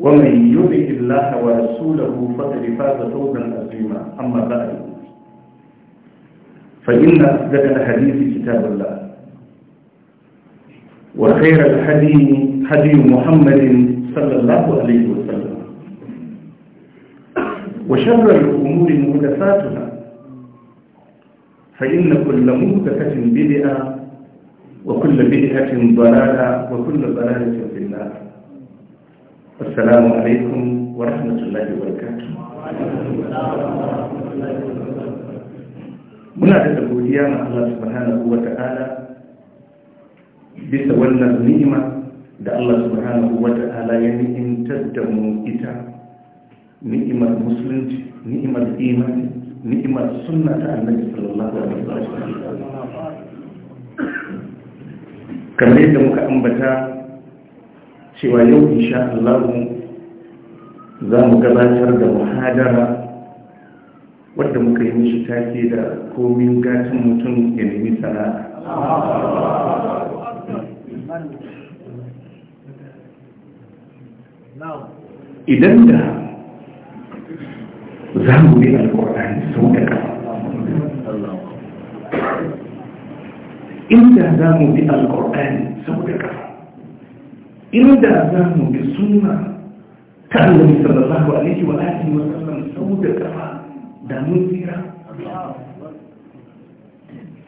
ومن يطع الله ورسوله فقد فاز فوزا عظيما اما بعد فان اصدق الحديث كتاب الله وخير الحديث حديث محمد صلى الله عليه وسلم وشر الامور محدثاتها فان كل محدثه بدعه وكل بدعه ضلاله وكل ضلاله في النار assalamu alaikum wa rahmatullahi wa muna da godiya ma Allah subhanahu wa ta'ala bisa wannan ni'ima da Allah subhanahu wa ta'ala ya ni'imtar da mu ita ni'imar musulunci ni'imar imani ni'imar sunna ta annabi sallallahu alaihi wasallam kamar yadda muka ambata cewa yau insha Allah za mu gabatar da muhadara wadda muka yi mishi take da komin gatin mutum ya nemi sana'a idan da za mu yi alkur'ani sau da ƙasa inda za mu bi alkur'ani sau da ka. inda za mu bi suna ta annabi sallallahu alaihi wa alihi wa sallam sau da kafa da mun tsira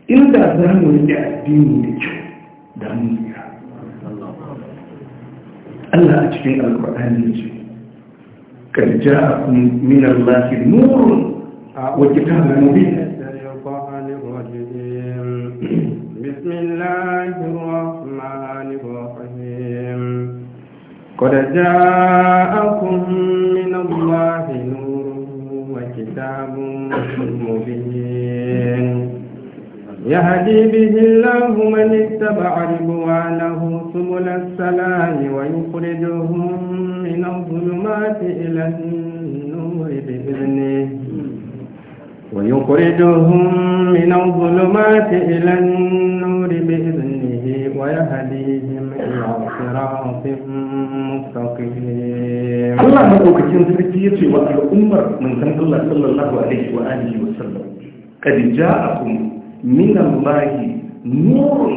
inda za mu yi addini da kyau da mun tsira Allah a cikin alkur'ani ce karja a kun minar lafi nurun wa kitabun mubin قد جاءكم من الله نور وكتاب مبين يهدي به الله من اتبع رضوانه سبل السلام ويخرجهم من الظلمات إلى النور بإذنه ويخرجهم من الظلمات إلى النور بإذنه ويهديهم إلى صراط مستقيم الله مدعوك تنزلتي والأمر من سنة الله صلى الله عليه وآله وسلم قد جاءكم من الله نور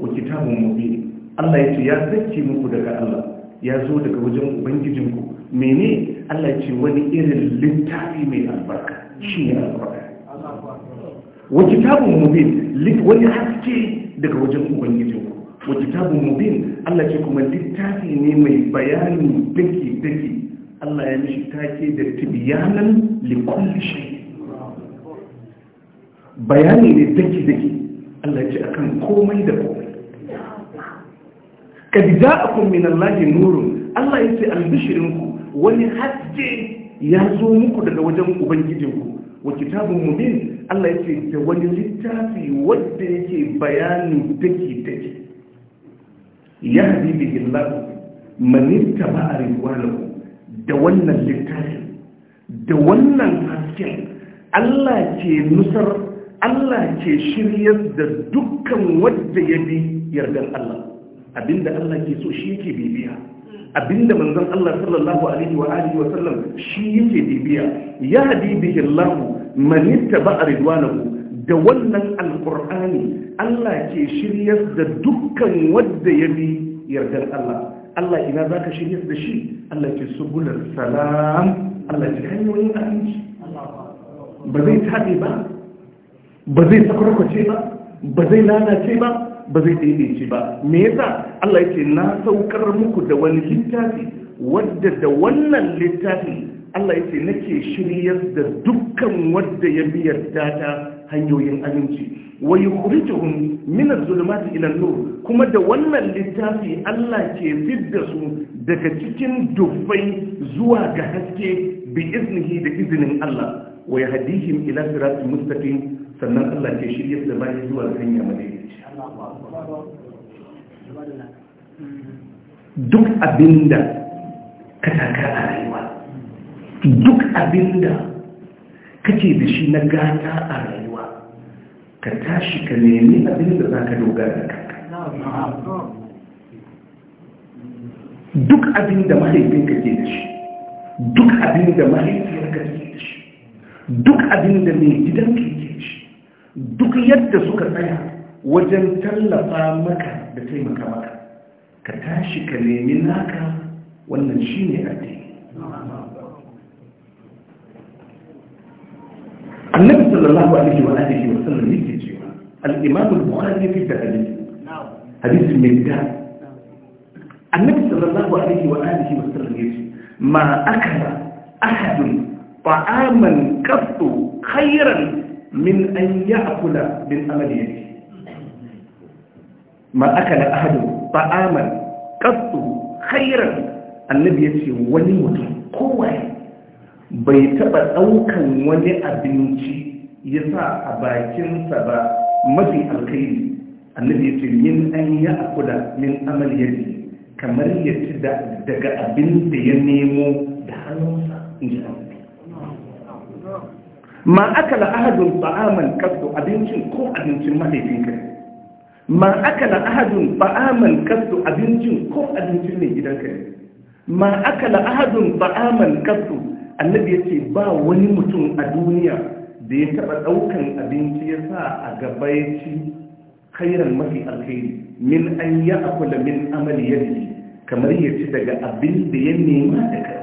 وكتاب مبين الله ya ce مقدك الله muku daga Allah ya zo daga wajen Ubangijinku mene Allah ya ce wani irin littafi mai albarka shi ne wa mubin wani haske daga wajen ubangiji wa kitabun mubin Allah ce kuma littafi ne mai bayani dake dake Allah ya mishi take da tibiyanan likulli shi. bayani ne dake dake Allah ya ce akan komai da komai kad ja'akum minan Allah nurun Allah ya yace albishirinku wani haske ya zo muku daga wajen ubangijinku wa kitabun mubin Allah ya ce da wani littafi wadda yake bayani daki daki ya habibi bi illahu manitta ba da wannan littafi da wannan hasken Allah ke nusar Allah ke shiryar da dukkan wadda ya bi yardan Allah abinda Allah ke so shi yake bibiya abinda manzon Allah sallallahu alaihi wa alihi wa sallam shi yake bibiya ya hadi bihi Allah man ittaba ridwanahu da wannan alqur'ani Allah ke shiryar da dukkan wanda ya bi yardar Allah Allah ina zaka shiryar da shi Allah ke subulal salam Allah ke hanyoyin aminci ba zai tabe ba ba zai sakarkace ba ba zai lalace ba ba zai daidaice ba me yasa Allah ce na saukar muku da wani littafi wadda da wannan littafi Allah yake nake shiryar da dukkan wadda ya biyar data hanyoyin aminci wa yukhrijuhum min az-zulumati ila an-nur kuma da wannan littafi Allah ke fidda su daga cikin dubbai zuwa ga haske bi iznihi da iznin Allah wai yahdihim ila siratin mustaqim sannan Allah ke shirya da bayi zuwa hanya madaidaici duk abinda ka taka a rayuwa duk abinda kake da shi na gata a rayuwa ka tashi ka nemi abinda za ka dogara kanka duk abinda mahaifinka ke da shi duk abinda ka ke da shi duk abinda mai gidan ke duk yadda suka tsaya wajen tallafa maka da taimaka maka ka tashi ka nemi naka wannan shi ne addini annabi sallallahu alaihi wa alihi wa sallam yake cewa al-imam al-bukhari fi hadith hadith min da annabi sallallahu alaihi wa alihi wa sallam yake ma akala ahadun ta'aman kaftu khairan min an ya'kula bil amali yake ma akala ahadu ta'aman qastu khairan annabi yace wani mutum kowaye bai taba daukan wani abinci ya sa a bakinsa ba mafi alkhairi annabi yace min an ya'kula min amali yake kamar ya ci daga abin da ya nemo da hannunsa ma akala ahadun ba'aman kasu abincin ko abincin mahaifinka ma akala ahadun ba'aman kasu abincin ko abincin mai gidanka ma aka akala ahadun ba'aman kasu annabi ce ba wani mutum a duniya da ya taba daukan abinci ya sa a gaba ya ci khairan mafi alkhairi min an akula min amali yadihi kamar ya ci daga abin da ya nema daga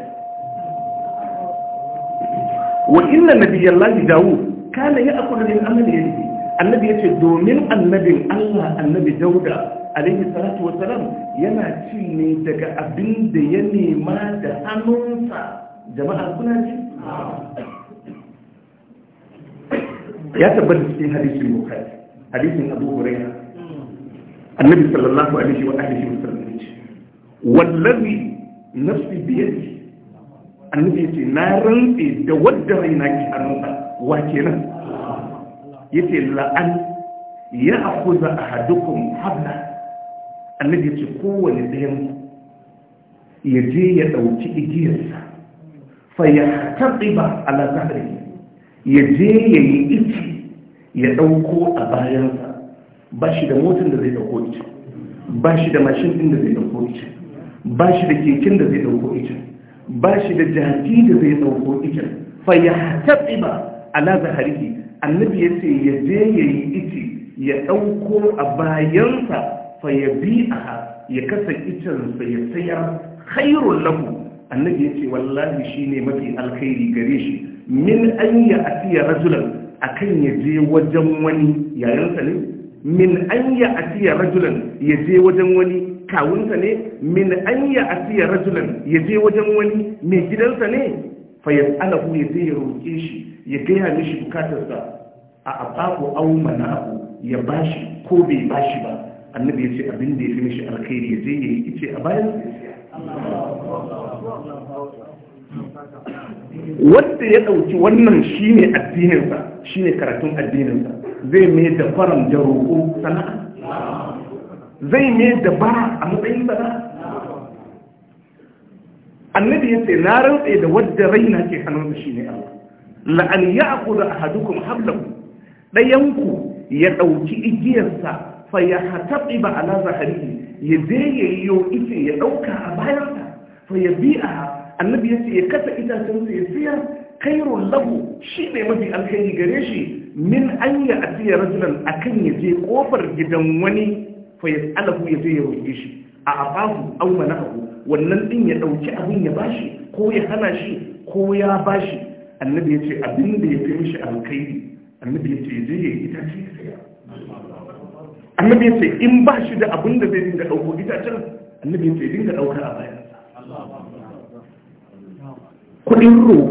وإن نبي الله داود كان يأكل من أمل يده النبي يقول من النبي الله النبي داود عليه الصلاة والسلام ينا تشيني دك أبن ديني ما دهنونسا جماعة كنا يا تبدو في حديث البخاري حديث أبو هريرة النبي صلى الله عليه وآله وسلم والذي نفسي بيده annabi ce na rantsi da wadda na ke hannunsa wa kenan yace la'an ya akuza ahadukum habla annabi ce kowane ɗayan ya je ya ɗauki igiyarsa fa ya taɓiba ala zahari ya je ya yi ici ya ɗauko a bayansa ba shi da motar da zai ɗauko ici ba shi da mashin ɗin da zai ɗauko ici ba shi da keken da zai ɗauko ici ba shi da jaki da zai ɗauko ikin fa ya taɓi ba ala zahariki annabi ya ce ya je ya yi ya ɗauko a bayansa fa ya bi a ya kasa sa ya sayar hairun lahu annabi ya ce wallahi shi ne mafi alkhairi gare shi min an ya siya rajulan akan ya je wajen wani yayansa ne min an ya siya rajulan ya je wajen wani kawunsa ne min an yi a asiya rajulan ya je wajen wani mai gidansa ne fa ya alahu ya je ya roƙe shi ya gaya mishi bukatarsa a abaku au mana'u ya bashi ko bai bashi ba annabi ya ce abin da ya fi mishi alkhairi ya je ya yi ice a bayan wanda ya ɗauki wannan shine addininsa shine karatun addininsa zai mai da faran da roƙo sana'a zai ne da ba a matsayin bara annabi ya ce na rantse da wadda raina ke hannun da shi ne Allah la'an ya aku da ahadukum hablahu ɗayanku ya ɗauki igiyarsa fa ya hataɓi ba ala zahari ya je ya yi yau ice ya ɗauka a bayansa fa ya bi a annabi ya ce ya kasa su ya siya. Kairo lahu shi ne mafi alkhairi gare shi min an ya asiya rajulan akan ya je kofar gidan wani fa alahu ya zai ya roƙe shi a abahu aw abu wannan din ya dauki abin ya bashi ko ya hana shi ko ya bashi annabi ya ce abin da ya fi mishi alkhairi annabi ya ce ya zai yi itace saya annabi ya ce in ba shi da abin da zai dinga ɗauko itacen annabi ya ce ya dinga ɗauka a bayan kudin roƙo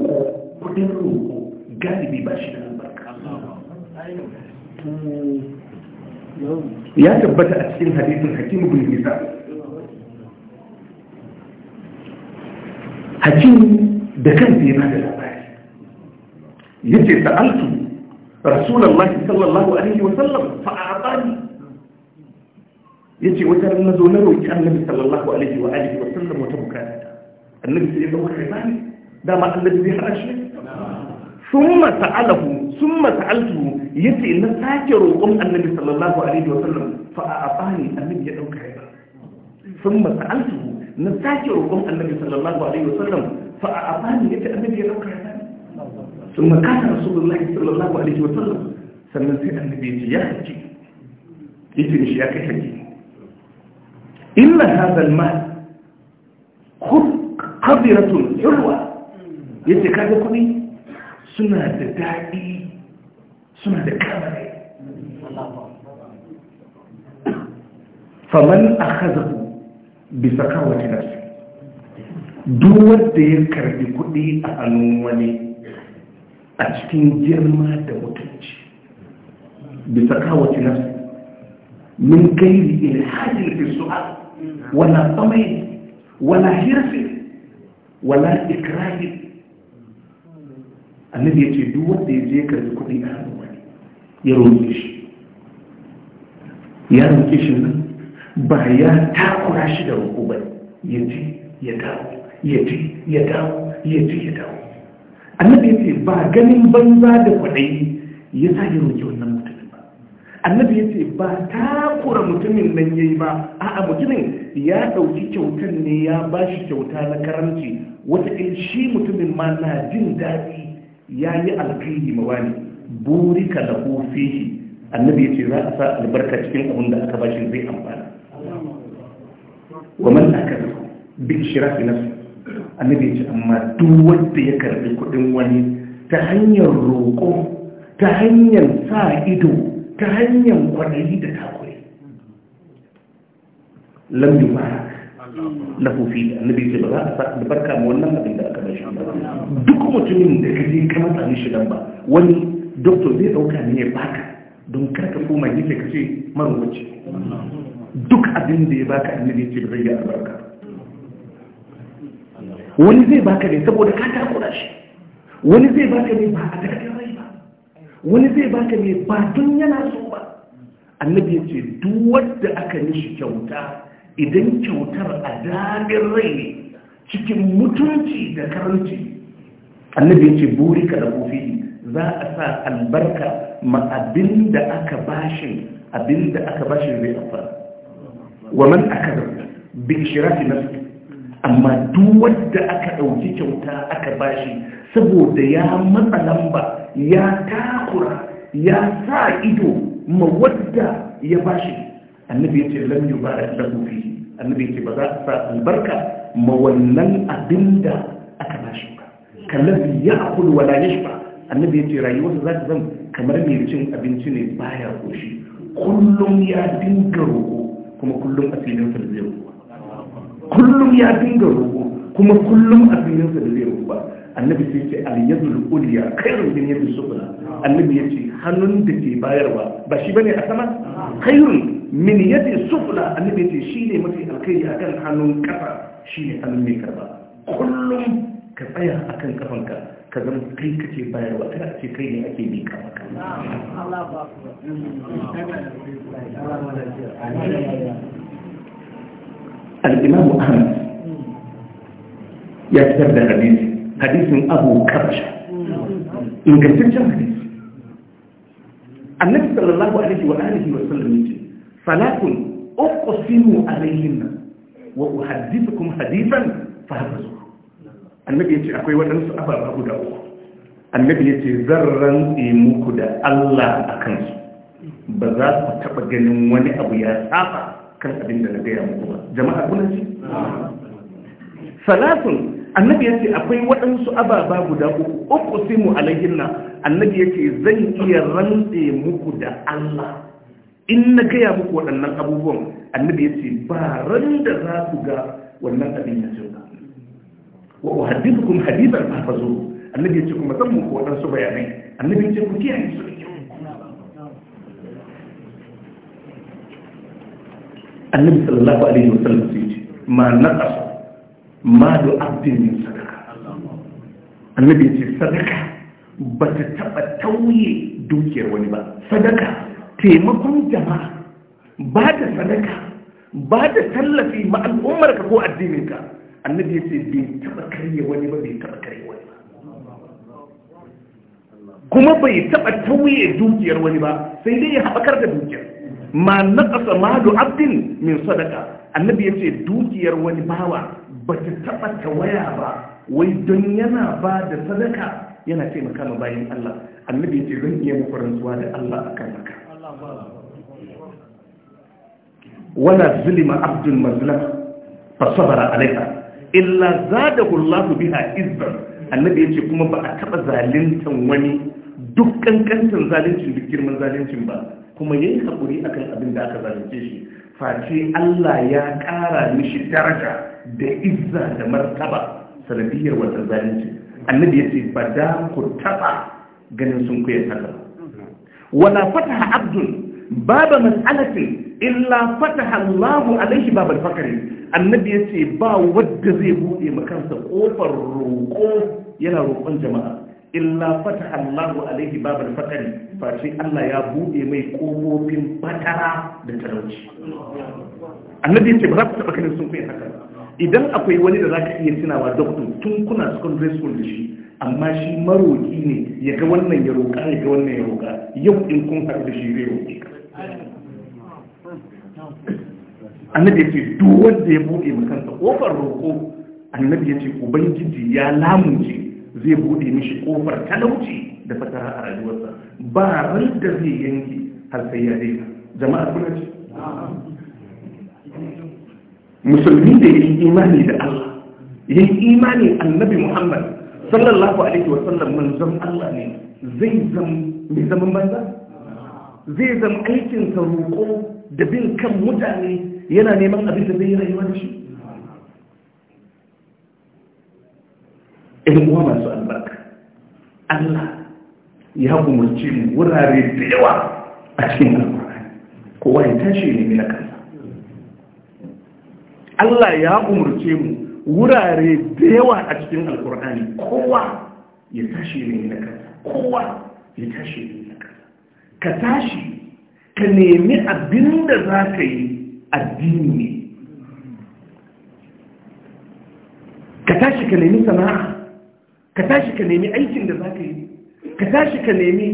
kudin roƙo galibi ba shi da albarka ya tabbata a cikin hadisin hakim ibn hisa hakim da kansa yana da labari ce sa'altu Rasulallah sallallahu alaihi wa sallam fa Ya ce wata rana nazo na roki annabi sallallahu alaihi wa alihi wa sallam wata bukata annabi sai ya dauka kai bani dama annabi bai Sun thumma sa'alahu ثم سألته يتي إن ساجر وقم النبي صلى الله عليه وسلم فأعطاني النبي يدوك عيبا ثم سألته إن ساكر وقم النبي صلى الله عليه وسلم فأعطاني يتي النبي يدعوك ثم كان رسول الله صلى الله عليه وسلم سننسي النبي يا حجي يتي مش يا حجي إلا هذا المال خذ قدرة حلوة يتي كذا سنة suna da daɗi suna da kamare faman a hazaku bisa kawace nasu duwar da ya karbi kuɗi a hannun wani a cikin girma da mutunci bisa kawace nasu min gairi da su a wala tsamai wala hirfi wala ikirahi annabi ya ce duwar da ya je karbi kuɗi a hannun wani ya roƙe shi ya roƙe shi ba ya takura shi da roƙo ba ya ji ya dawo ya ji ya dawo ya ji ya dawo annabi ya ce ba ganin banza da kwaɗayi ya sa ya roƙe wannan mutumin ba annabi ya ce ba takura mutumin nan ya yi ba a'a mutumin ya ɗauki kyautan ne ya ba shi kyauta na karamci wata shi mutumin ma na jin daɗi ya yi alkhairi mawani burika da fihi annabi ya ce za a sa albarka cikin abin da aka bashi zai amfana wa man aka bi shirafi nafsi annabi ya ce amma duk wanda ya karbi kudin wani ta hanyar roƙo ta hanyar sa ido ta hanyar kwaɗayi da takuri lam yi mara na hufi da annabi ce ba za a sa albarka ma wannan abin da aka bashi ba duk mutumin da ka je ka matsa mishi ba wani doktor zai dauka ne ya baka don karka koma gefe ka ce marwaci duk abin da ya baka a ce ba zai yi albarka wani zai baka ne saboda ka kura shi wani zai baka ne ba a takardar rai ba wani zai baka ne ba tun yana so ba annabi ya ce duk wadda aka nishi kyauta idan kyautar a damin rai ne cikin mutunci da karanci annabi ya ce buri ka da kofi za a sa albarka ma abin da aka bashi abin da aka bashi zai amfana wa man aka bin shirafi nasu amma duk wanda aka ɗauki kyauta aka bashi saboda ya matsa lamba ya takura ya sa ido ma wadda ya bashi annabi ya ce lam yubarak lahu fi annabi ya ce ba za a sa albarka ma wannan abin da aka bashi ba kallabi ya akulu wala ba. annabi ya ce da za ta zama kamar mai cin abinci ne baya koshi kullum ya dinga roƙo kuma kullum asilinsa da zai roƙo kullum ya dinga roƙo kuma kullum asilinsa da zai roƙo annabi sai ce aliyyadul kai khairun yadda su kula annabi ya ce hannun da ke bayarwa ba shi bane a sama khairun min yadda su kula annabi ya ce ne mafi a kan hannun kafa ne hannun mai karba kullum ka tsaya a kan kafanka ka zama kai kake bayarwa kada a ce kai ne ake bi kama kama al-imam ahmad ya fitar da hadisi hadisin abu karshe ingantaccen hadisi annabi sallallahu alaihi wa alihi wa sallam yace salatun uqsimu alaihinna wa uhaddithukum hadithan fahfazuhu annabi ya ce akwai waɗansu ababa guda uku annabi ya ce zan rantse muku da Allah a kansu ba za ku taɓa ganin wani abu ya saba kan abin da na gaya muku ba jama'a kuna ce. salasun annabi ya ce akwai waɗansu ababa guda uku uku sai mu alayhinna annabi ya ce zan iya rantse muku da Allah in na gaya muku waɗannan abubuwan annabi ya ce ba ran da za ku ga wannan abin ya ce wa uhaddithukum hadithan tahfazuhu annabi yace kuma zan muku wadansu bayanai annabi yace ku kiyaye su annabi sallallahu alaihi wasallam sai ce ma naqas ma du abdin min sadaka annabi yace sadaka ba ta taba tauye dukiyar wani ba sadaka taimakon jama'a ba da sadaka ba da tallafi ma al'ummarka ko addininka annabi ya ce bai taɓa karye wani ba bai taɓa karye wani ba kuma bai taɓa tauye dukiyar wani ba sai dai ya haɓakar da dukiyar ma naƙasa malu abdin min sadaka annabi ya ce dukiyar wani bawa ba ta taɓa tawaya ba wai don yana ba da sadaka yana taimaka ma bayan Allah annabi ya ce zan iya muku rantsuwa da Allah akan haka wala zulima abdul mazlum fa sabara alaiha illa zadahu Allahu biha izzar annabi yace kuma ba a taɓa zalintan wani duk ƙanƙantar zalincin duk girman zalincin ba kuma yayi hakuri akan abin da aka zalunce shi face Allah ya ƙara mishi daraja da izza da martaba sanadiyyar wannan zalunci annabi yace ba da ku taɓa ganin sun kuye haka wala fataha abdun baba mas'alatin illa fataha alaihi babal fakari annabi yace ba wadda zai bude makansa kofar roƙo yana roƙon jama'a illa fataha alaihi babal fakari face Allah ya buɗe mai kofofin batara da talauci annabi yace ba za ku taba kanin sun kai haka idan akwai wani da zaka iya tunawa doctor tun kuna secondary school da shi amma shi maroki ne ya ga wannan ya roƙa ya ga wannan ya roƙa yau in kun haɗu da shi zai ka annabi ya ce duk wanda ya buɗe makansa ƙofar roƙo annabi ya ce ubangiji ya lamunce zai buɗe mishi ƙofar talauci da fatara a rayuwarsa ba ran da zai yanki har sai ya daina jama'a kuna ce musulmi da ya yi imani da Allah ya yi imani annabi Muhammad sallallahu alaihi wa sallam manzon Allah ne zai zam mai zaman banza zai zam aikinsa roƙo da bin kan mutane yana neman abin da zai yi rayuwa da shi ɗan uwa masu albarka Allah ya umarci mu wurare da yawa a cikin alkur'ani kowa ya tashi ne na kansa Allah ya umarci mu wurare da yawa a cikin alkur'ani kowa ya tashi ne mai kansa kowa ya tashi ne na kansa ka tashi ka nemi abin da za ka yi addini ne ka tashi ka nemi sana'a ka tashi ka nemi aikin da za ka yi ka tashi ka nemi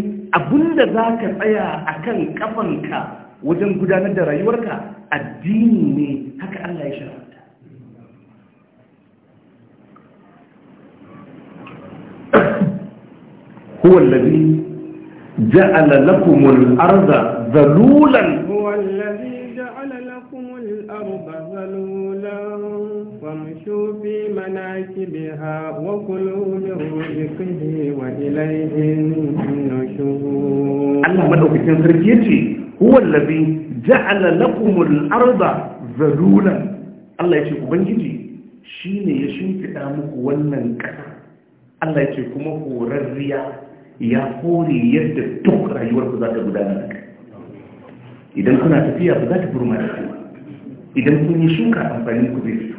da za ka tsaya a kan kafanka wajen gudanar da rayuwarka addini ne haka Allah ya sharanta huwa allazi ja'ala lakumul arda zalulan عليك بها وكلوا من رزقه وإليه النشور الله من أوكي كان سرجيتي هو الذي جعل لكم الأرض ذلولا الله يشيك بنجيتي شين يشيك Allah ya ce kuma horar riya ya hore yadda duk rayuwar ku za ta gudana da Idan kuna tafiya ba za ta furma da Idan kun yi shuka amfani ku zai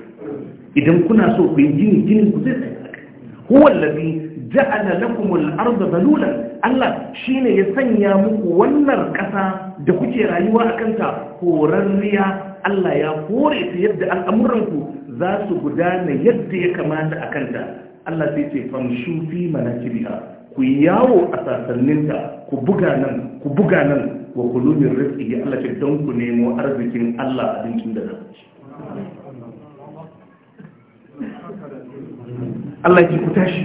idan kuna so ku yi gini ginin ku zai tsaye huwa allazi ja'ala lakum al-ardha Allah shine ya sanya muku wannan ƙasa da kuke rayuwa kanta kanta horarriya Allah ya kore ta yadda al'amuran ku za su gudana yadda ya kamata a kanta. Allah sai ce famshu fi manakibiha ku yawo a sasanninta, ku buga nan ku buga nan wa kulubir rizqi Allah ce don ku nemo arzikin Allah abincin da za ku ci Allah ya ku tashi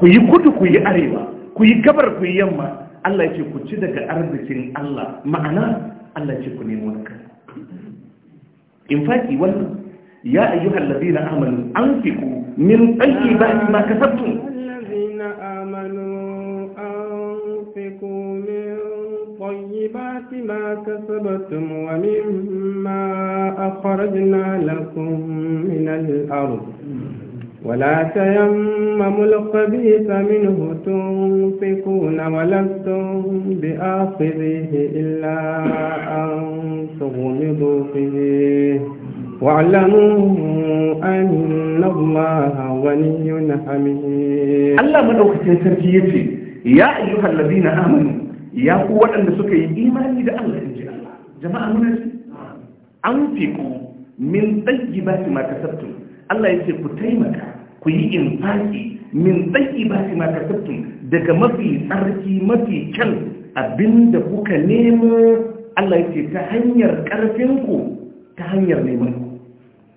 ku yi kudu ku yi arewa ku yi gabar ku yi yamma Allah ya ku ci daga arzikin Allah ma'ana Allah ya ce ku nemo na kan in fact wannan ya ayyuhal ladina amanu an min tayyibati ma kasabtum alladhina amanu anfiqu min tayyibati ma ما كسبتم ومما أخرجنا لكم من الأرض ولا تيمموا الخبيث منه تنفقون ولستم بآخذه إلا أن تغمضوا فيه واعلموا أن الله غني حميد الله من أختي ترجيتي يا أيها الذين آمنوا يا قوة أن سكي إيماني إذا الله إن جاء الله جماعة أنفقوا من طيبات ما كسبتم الله يقول تيمك ku yi infaki min tsaki ba su mata daga mafi tsarki mafi kyan abinda kuka nemo Allah ya ce ta hanyar ƙarfinku ta hanyar neman ku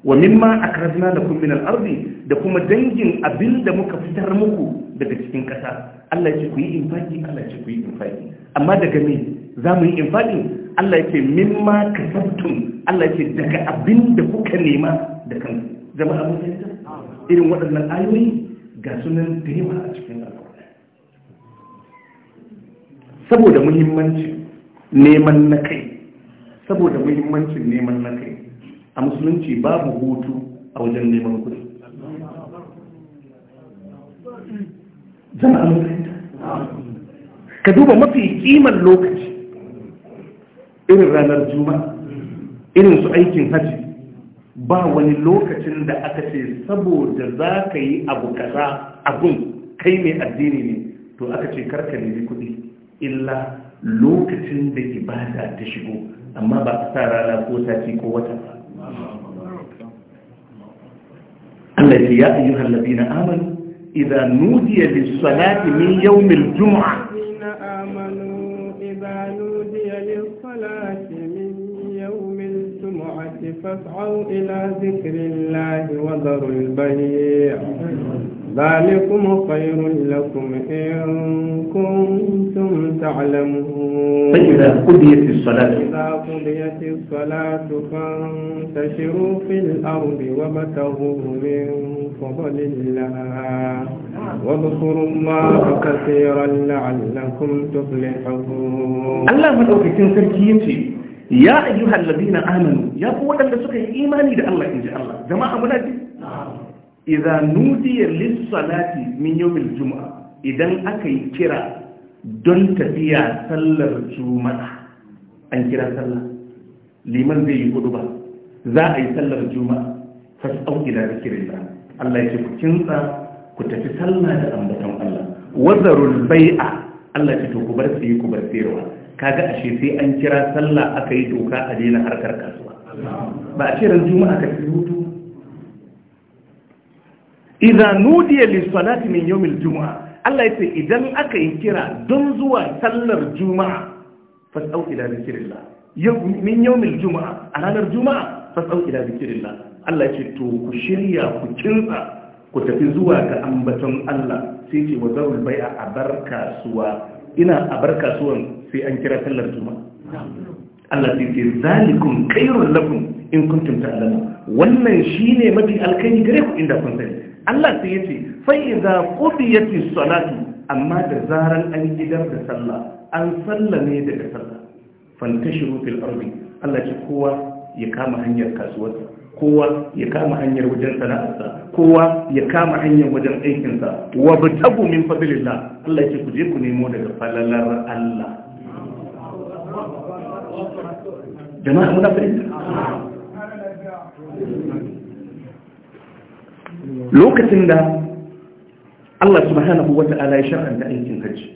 wa mimma a ƙarfina da al arzi da kuma dangin abinda muka fitar muku daga cikin ƙasa Allah ya ce ku yi infaki Allah ya ce ku yi infaki amma daga me za mu yi infaki Allah ya ce mimma kasabtum Allah ya ce daga abinda kuka nema da kanku ya ce. irin waɗannan ayoyi ga sunan da a cikin alƙawari saboda muhimmancin neman na kai saboda muhimmancin neman na kai a musulunci babu hutu a wajen neman kudi jama'an ka duba mafi kiman lokaci irin ranar juma'a irin su aikin hajji ba wani lokacin da aka ce saboda za ka yi abu kaza abun kai mai addini ne to aka ce karka nemi kuɗi illa lokacin da ibada ta shigo amma ba a sa rana ko sati ko wata ba Allah ya ayyuhal ladina amanu Idan nudiya lis-salati min yawmil juma. فاسعوا إلى ذكر الله وذروا البيع ذلكم خير لكم إن كنتم تعلمون فإذا قضيت الصلاة فإذا قضيت الصلاة فانتشروا في الأرض وابتغوا من فضل الله واذكروا الله كثيرا لعلكم تفلحون الله مدعوك تنسر كيمتي ya ayyuhal ladina amanu ya fi waɗanda suka yi imani da Allah inji Allah jama'a muna ji idza nudiya lis-salati min yawmil Juma'a. idan aka yi kira don tafiya sallar juma'a an kira sallah liman zai yi hudu ba za a yi sallar juma'a fasau ila zikrillah Allah ya ce ku kinsa ku tafi sallah da ambaton Allah wazarul bai'a Allah ya ce to ku bar sai ku bar sayarwa kaga ashe sai an kira sallah aka yi doka a daina harkar kasuwa ba a ce juma'a ka ci hutu idan nudiya lissalati min yawmil juma'a Allah ya ce idan aka yi kira don zuwa sallar juma'a fa fasau ila zikirillah min yawmil juma'a a ranar juma'a fa fasau ila zikirillah Allah ya ce to ku shirya ku kinsa ku tafi zuwa ga ambaton Allah sai ce wa zarul bai'a a bar kasuwa ina a bar kasuwan sai an kira sallar juma'a Allah sai ce zalikum khairul lakum in tumta ta'lamun wannan shine mafi alkhairi gare ku inda kun sani Allah sai yace fa ya ce salatu amma da zaran an gidar da sallah an ne daga sallah fantashiru rufin ardi Allah ce kowa ya kama hanyar kasuwarsa kowa ya kama hanyar wajen sana'arsa kowa ya kama hanyar wajen aikinsa wa batagu min fadlillah Allah ya ce ku je ku nemo daga falalar Allah jama'a muna fahimta lokacin da Allah subhanahu wa ta'ala ya shar'anta aikin hajji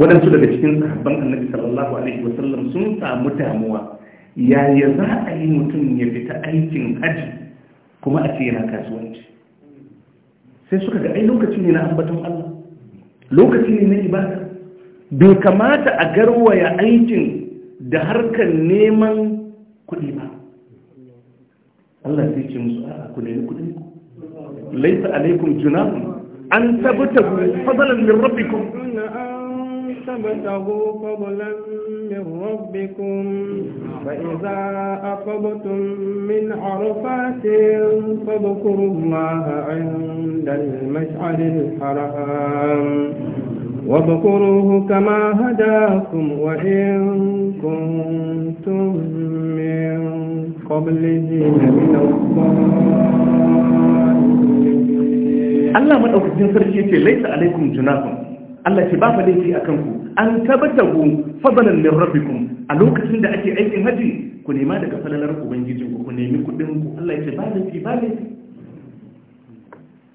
waɗansu daga cikin sahabban annabi sallallahu alaihi wa sallam sun samu damuwa yaya za a yi mutum ya fita aikin haji kuma a ce yana kasuwanci sai suka ga ai lokaci ne na ambaton Allah lokaci ne na ibada bai kamata a garwaya aikin da harkar neman kuɗi ba Allah zai ce musu a ku nemi kuɗi Laifin alaikum junahun an tabbata fadalan min rabbikum تبتغوا فضلا من ربكم فإذا أقبتم من عرفات فاذكروا الله عند المشعر الحرام واذكروه كما هداكم وإن كنتم من قبله لمن الضالين الله من أخذ جنسر شيء ليس عليكم جناح Allah ce ba fa laifi a kanku. an ku fadalan min rabbikum a lokacin da ake aikin haji ku nema daga falalar ubangijin ku ku nemi kudin ku Allah ya ce ba laifi ba laifi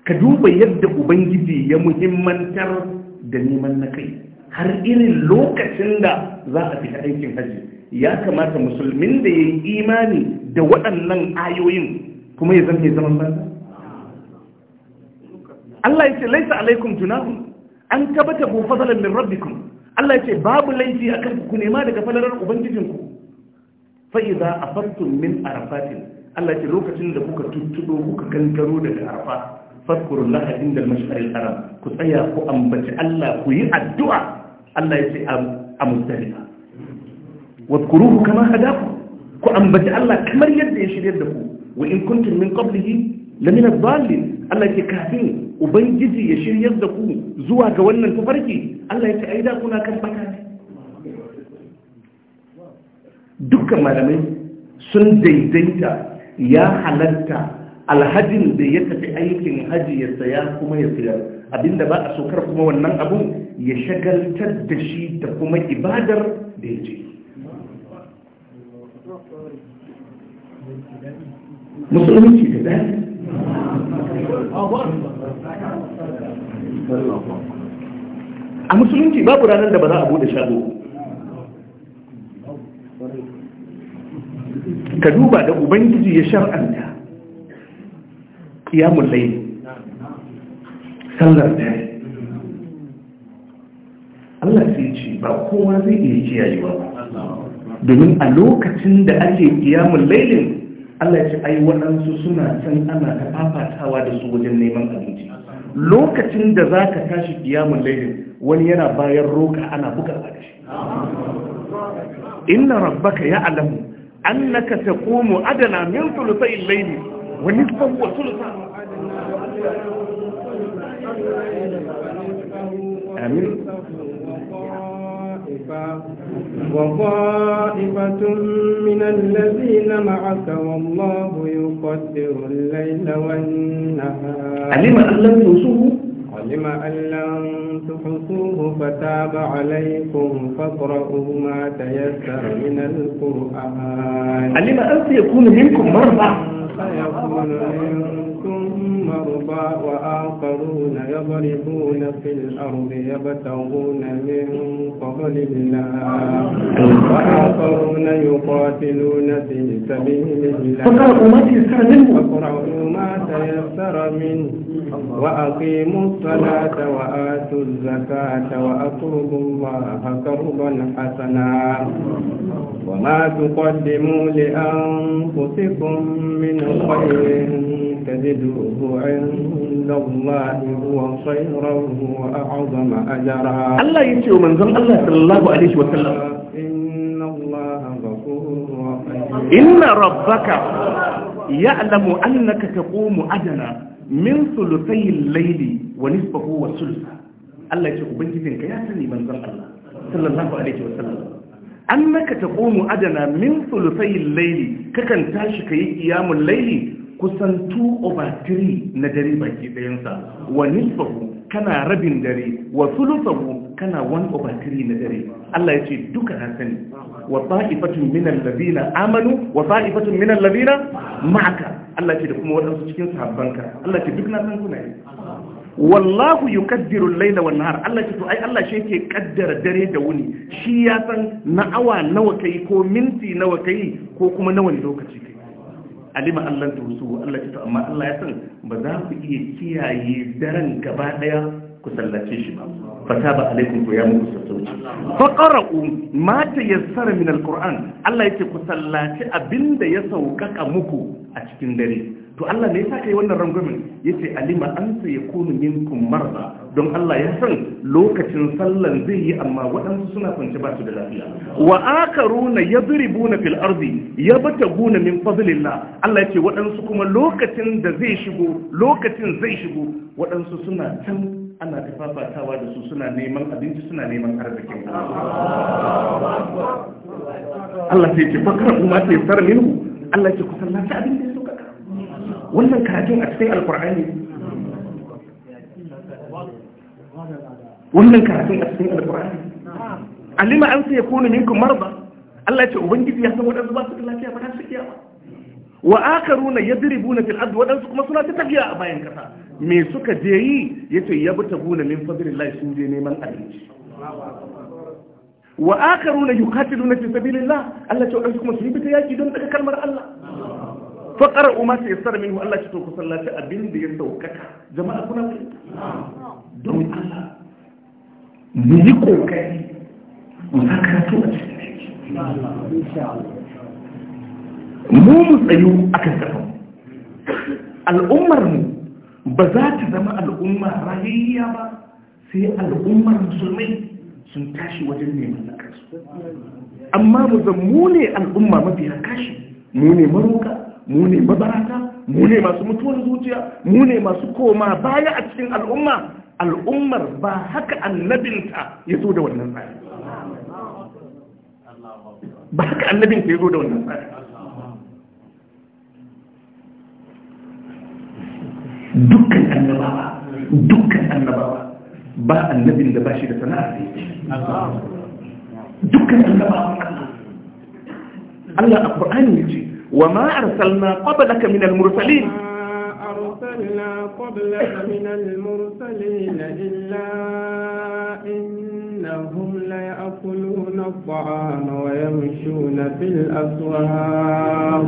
ka duba yadda ubangiji ya muhimmantar da neman na kai har irin lokacin da za a fita aikin haji ya kamata musulmin da ya yi imani da waɗannan ayoyin kuma ya zama zaman banza Allah ya ce laisa alaikum junahun an kabata ku fasalan min rabbikum Allah ce babu laifi akan ku nema daga falalar ubangijinku fa idza afattum min arafatin Allah ce lokacin da kuka tuttudo kuka kankaro daga arafa fadkuru laha inda al-mash'ar al-haram ku tsaya ku ambaci Allah ku yi addu'a Allah ya ce a muzdalifa wadkuruhu kama hadaku ku ambaci Allah kamar yadda ya shirye da ku wa in kuntum min qablihi lamina dhalin Allah ke kafin ubangiji ya shiryar da ku zuwa ga wannan tafarki Allah ya ce aida kuna kan baka ne dukkan malamai sun daidaita ya halatta alhajin da ya tafi aikin haji ya saya kuma ya sayar abinda ba a sokar kuma wannan abun ya shagaltar da shi da kuma ibadar da ya ce musulunci da daji a musulunci babu ranar da ba za a bude shago ka duba da ubangiji ya shar'anta ya mulai sallar da Allah sai ce ba kowa zai iya kiyayewa domin a lokacin da ake kiyamun lailin Allah ya ce ai waɗansu suna can ana ta fafatawa da su wajen neman abinci lokacin da za ka tashi kiyamun laifin wani yana bayan roka ana buga a shi inna rabbaka ya alamu annaka taqumu adana min thulutsai al-layli wa nisfahu wa amin وطائفة من الذين معك والله يقدر الليل والنهار علم أن لم تحصوه علم أن لم تحصوه فتاب عليكم فاقرؤوا ما تيسر من القرآن علم أن سيكون منكم مرضى سيكون منكم مرضى وآخرون يضربون في الأرض يبتغون من فضل الله وآخرون يقاتلون في سبيل الله فاقرأوا ما تيسر منه وأقيموا الصلاة وآتوا الزكاة وأقربوا الله كربا حسنا وما تقدموا لأنفسكم من خير تجده عند الله هو خيرا وأعظم أجرا الله يمشي من ظن الله صلى الله عليه وسلم إن الله غفور رحيم إن ربك يعلم أنك تقوم أجلا من ثلثي الليل ونصفه والثلث Allah ya ce, Ubangijinka ya sani manzan Allah, sallallahu alaihi wa sallam. An maka taƙomu adana min sulusai laili, kakan tashi ka yi iyamun laili kusan 2 over 3 na dare baki ɗayansa wa nisfahu kana rabin dare wa sulusahu kana 1 over 3 na dare Allah ya ce duka na sani wa ta'ifatun min alladhina amanu wa ta'ifatun min alladhina ma'aka Allah ce da kuma waɗansu cikin sahabbanka Allah ce duk na san kuna yi wallahu yukaddiru al-laila wan nahar Allah ce to ai Allah shi yake kaddara dare da wuni shi ya san na awa nawa kai ko minti nawa kai ko kuma nawa lokaci kai alima Allah ta rusu Allah ta amma Allah ya san ba za ku iya kiyaye daren gaba daya ku sallace shi ba fata ba alaikum ku ya muku sassauci fa qara'u ma tayassara min alquran Allah yake ku sallace abinda ya sauƙaƙa muku a cikin dare to Allah ne ya sa yi wannan rangwamin yace alima an su yakunu kumar marda don Allah ya san lokacin sallan zai yi amma waɗansu suna kwance ba su da lafiya wa akaruna yadribuna fil bata yabtaguna min fadlillah Allah yace waɗansu kuma lokacin da zai shigo lokacin zai shigo waɗansu suna can ana tafafatawa da su suna neman abinci suna neman arzikin Allah sai ce fakar kuma sai yi minhu Allah ke kusan na abin da ya sauƙaƙa wannan karatun a cikin alkur'ani wannan karatun a cikin alkur'ani alima an sai kone minkum marba Allah ce ubangiji ya san waɗansu ba su da lafiya ba su iya ba wa akaruna yadribuna fil ard waɗansu kuma suna ta tafiya a bayan kasa me suka je yi yace yabtaguna min fadlillahi sun je neman abinci wa akharuna yuqatiluna fi sabilillah Allah ce wadansu kuma su yi bita yaki don daga kalmar Allah fa qara'u ma tayassara minhu Allah ce to ku sallaci abin da ya saukaka jama'a kuna fahimta don Allah mu yi kokari mu karatu a mu mu tsayu akan kafa al'ummar mu ba za ta zama al'umma rahiyya ba sai al'ummar musulmai sun tashi wajen neman na kansu amma mu zan ne al'umma mafi kashi mu ne maroka mu ne mabarata mu ne masu mutuwar zuciya mu ne masu koma baya a cikin al'umma al'ummar ba haka annabinta ya zo da wannan tsari ba haka annabinta ya zo da wannan tsari dukkan annabawa dukkan annabawa ba annabin da ba shi da sana'a da yake dukkan annabawan Allah a Qur'ani yace wa ma arsalna qablaka أرسلنا قبلك من المرسلين إلا إنهم ليأكلون الطعام ويمشون في الأسواق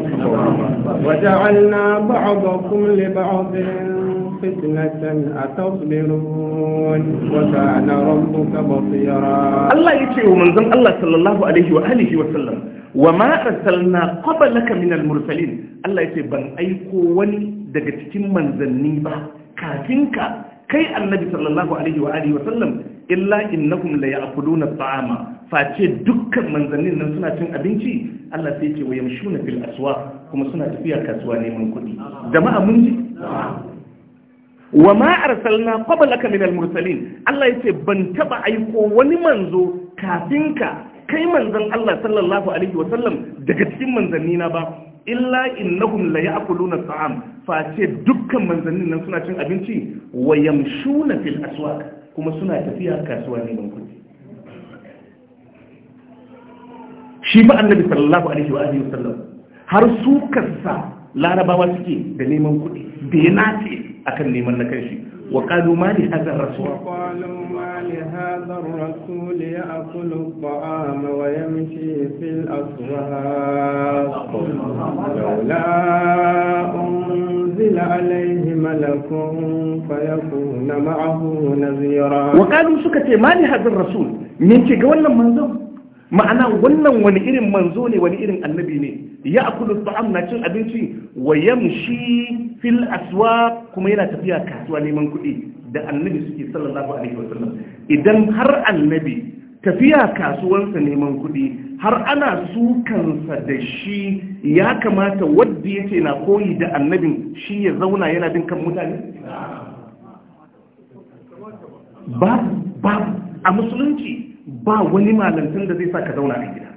وجعلنا بعضكم لبعض فتنة yace wa ربك Allah sallallahu alaihi wa alihi wa sallam wa عليه وآله وسلم min أرسلنا قبلك من المرسلين ban aiko wani daga cikin manzanni ba kafin ka kai annabi sallallahu alaihi wa alihi wa sallam illa innahum la ya'kuluna ta'ama face dukkan manzannin nan suna cin abinci Allah sai ya ce wa yamshuna fil aswa kuma suna tafiya kasuwa neman kuɗi jama'a mun ji wa ma arsalna qablaka min al-mursalin Allah yace ban taba aiko wani manzo kafin ka kai manzon Allah sallallahu alaihi wa sallam daga cikin manzanni na ba illa innahum la ya'kuluna ta'am fa ce dukkan manzannin nan suna cin abinci wa yamshuna fil aswaq kuma suna tafiya kasuwa ne ban kuɗi shi ba annabi sallallahu alaihi wa alihi wa sallam har su kansa larabawa suke da neman kuɗi da ya nace akan neman na kanshi wa qalu ma li hadha ar-rasul wa qalu ma li hadha ar-rasul ya'kulu at-ta'am wa yamshi fil aswaq lawla unzila alayhi malakun fayakuna ma'ahu nadhira wa qalu suka ce ma li hadha ar-rasul min ce ga wannan manzon ma'ana wannan wani irin manzo ne wani irin annabi ne ya akulu ta'am na cin abinci wa yamshi fil aswa kuma yana tafiya kasuwa neman kuɗi da annabi suke sallallahu alaihi wa sallam idan har annabi tafiya kasuwansa neman kuɗi har ana sukansa da shi ya kamata wadda yake na koyi da annabin shi ya zauna yana bin kan mutane? ba ba a musulunci ba wani malantin da zai sa ka zauna a gida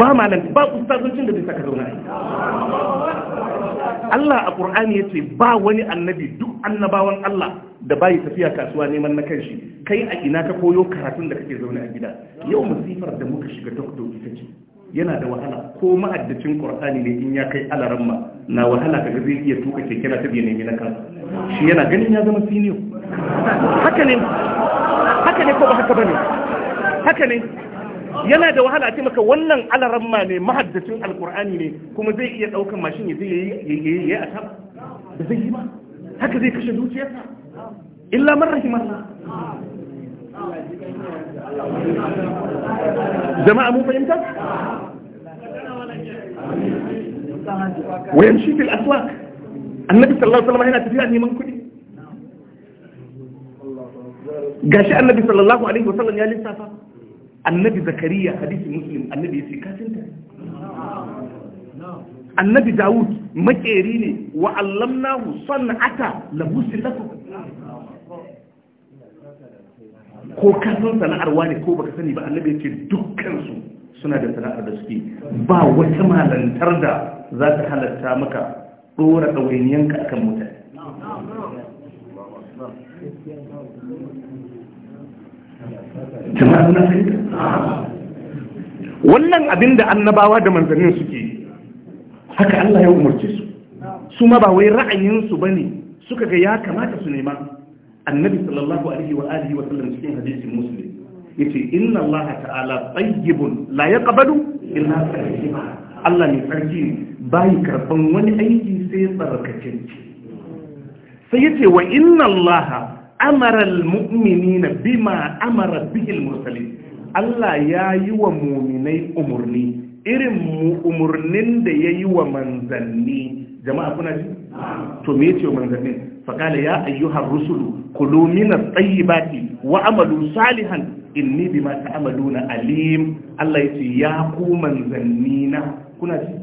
ba malantin ba ustazuncin da zai sa ka zauna a gida Allah a Qur'ani yace ba wani annabi duk annabawan Allah da bai tafiya kasuwa neman na kanshi kai a ina ka koyo karatun da kake zaune a gida yau musifar da muka shiga dokto ita ce yana da wahala ko ma'addacin Qur'ani ne in ya kai alaramma na wahala ka zai iya tuka keke na tabi ne na kansa shi yana ganin ya zama senior haka ne haka ne ko ba haka bane haka ne yana da wahala ce maka wannan alaramma ne mahaddacin alkur'ani ne kuma zai iya daukan mashin ya yi ya asaba da zai yi ba haka zai kashe zuciyarsa illa man rahimallah jama'a mun fahimta wayan shi fil aswaq annabi sallallahu alaihi wasallam yana tafiya neman kuɗi gashi annabi sallallahu alaihi wasallam ya lissafa annabi zakariya hadisi muslim annabi ya ce kafinta annabi dawud makeri ne wa allamnahu san'ata labusi lakum ko ka san sana'ar wani ko baka sani ba annabi ya ce dukkan su suna da sana'ar da suke ba wata malantar da za ta halatta maka dora ɗawainiyanka akan mutane jama'a suna wannan abin da annabawa da manzannin suke haka Allah ya umarce su su ma ba wai ra'ayinsu ba ne suka ga ya kamata su nema annabi sallallahu alaihi wa alihi wa sallam cikin hadisin muslim ce, inna Allah ta'ala tsayyibun la ya inna illa ba, Allah ne sarki yi karɓan wani aiki sai tsarkake sai ya ce wa inna Allah amara almu'minina bima amara bihil mursalin Allah ya yi wa muminai umarni irin umarnin da ya yi wa manzanni jama'a kuna ji? to me ce wa manzannin faƙala ya ayyuhar rusulu kulu tsayi baki. wa amalu salihan inni bima na alim Allah ya ce ya ku manzannina kuna ji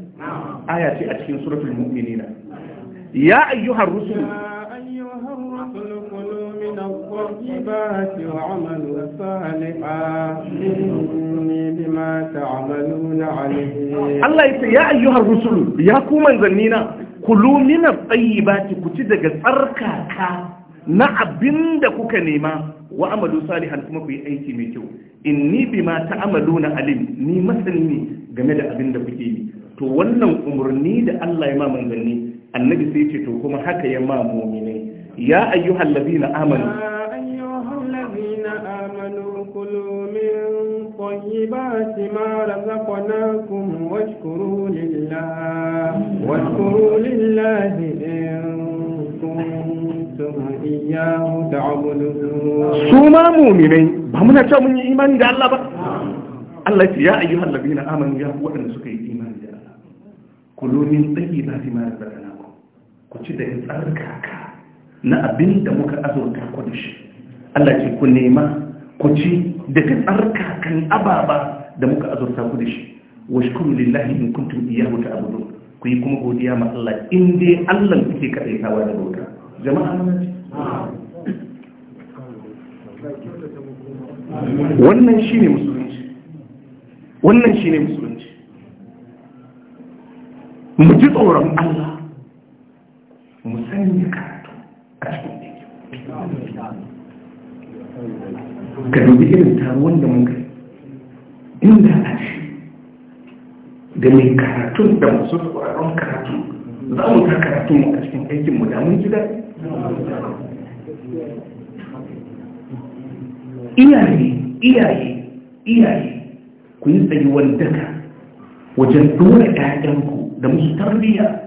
aya ce a cikin surafin mu'minina ya ayyuhar rusulu الطيبات وعملوا صالحا إني بما تعملون عليم الله يقول يا أيها الرسل يا كوما زنينا كلوا من الطيبات كتدك أركاكا na abin da kuka nema wa amalu salihan kuma ku yi aiki mai kyau in ni bi ma ta'amalu na alim ni masani ne game da abin da kuke yi to wannan umarni da Allah ya ma manzanni annabi sai ce to kuma haka ya ma mu'mini ya ayyuhal ladina amanu طيبات ما رزقناكم واشكروا لله واشكروا لله إن kuntum iyyahu ta'budun su ma mu'minai ba muna cewa mun yi imani da Allah ba Allah ya ce ya ayyuhal ladina amanu ya waɗanda suka yi imani da Allah kullu min tayyibati ma razaqnakum ku ci da tsarkaka na abin da muka azurta ku da shi Allah ce ku nema ku ci daga tsarkakan ababa da muka azurta ku da shi kuma lillahi in kuntum a ta'budun ku yi kuma godiya ma Allah in dai Allah kuke kaɗai tawa da bauta jama'a mun wannan ne musulunci wannan ne musulunci mu ji tsoron Allah mu sanya karatu a cikin ka dubi irin taruwan da muka yi inda a ce da mai karatun da masu tsoron karatu za mu ta karatun a cikin aikin mu da mun ji iyaye iyaye iyaye ku yi tsayuwar daka wajen dora ƴaƴanku da musu tarbiyya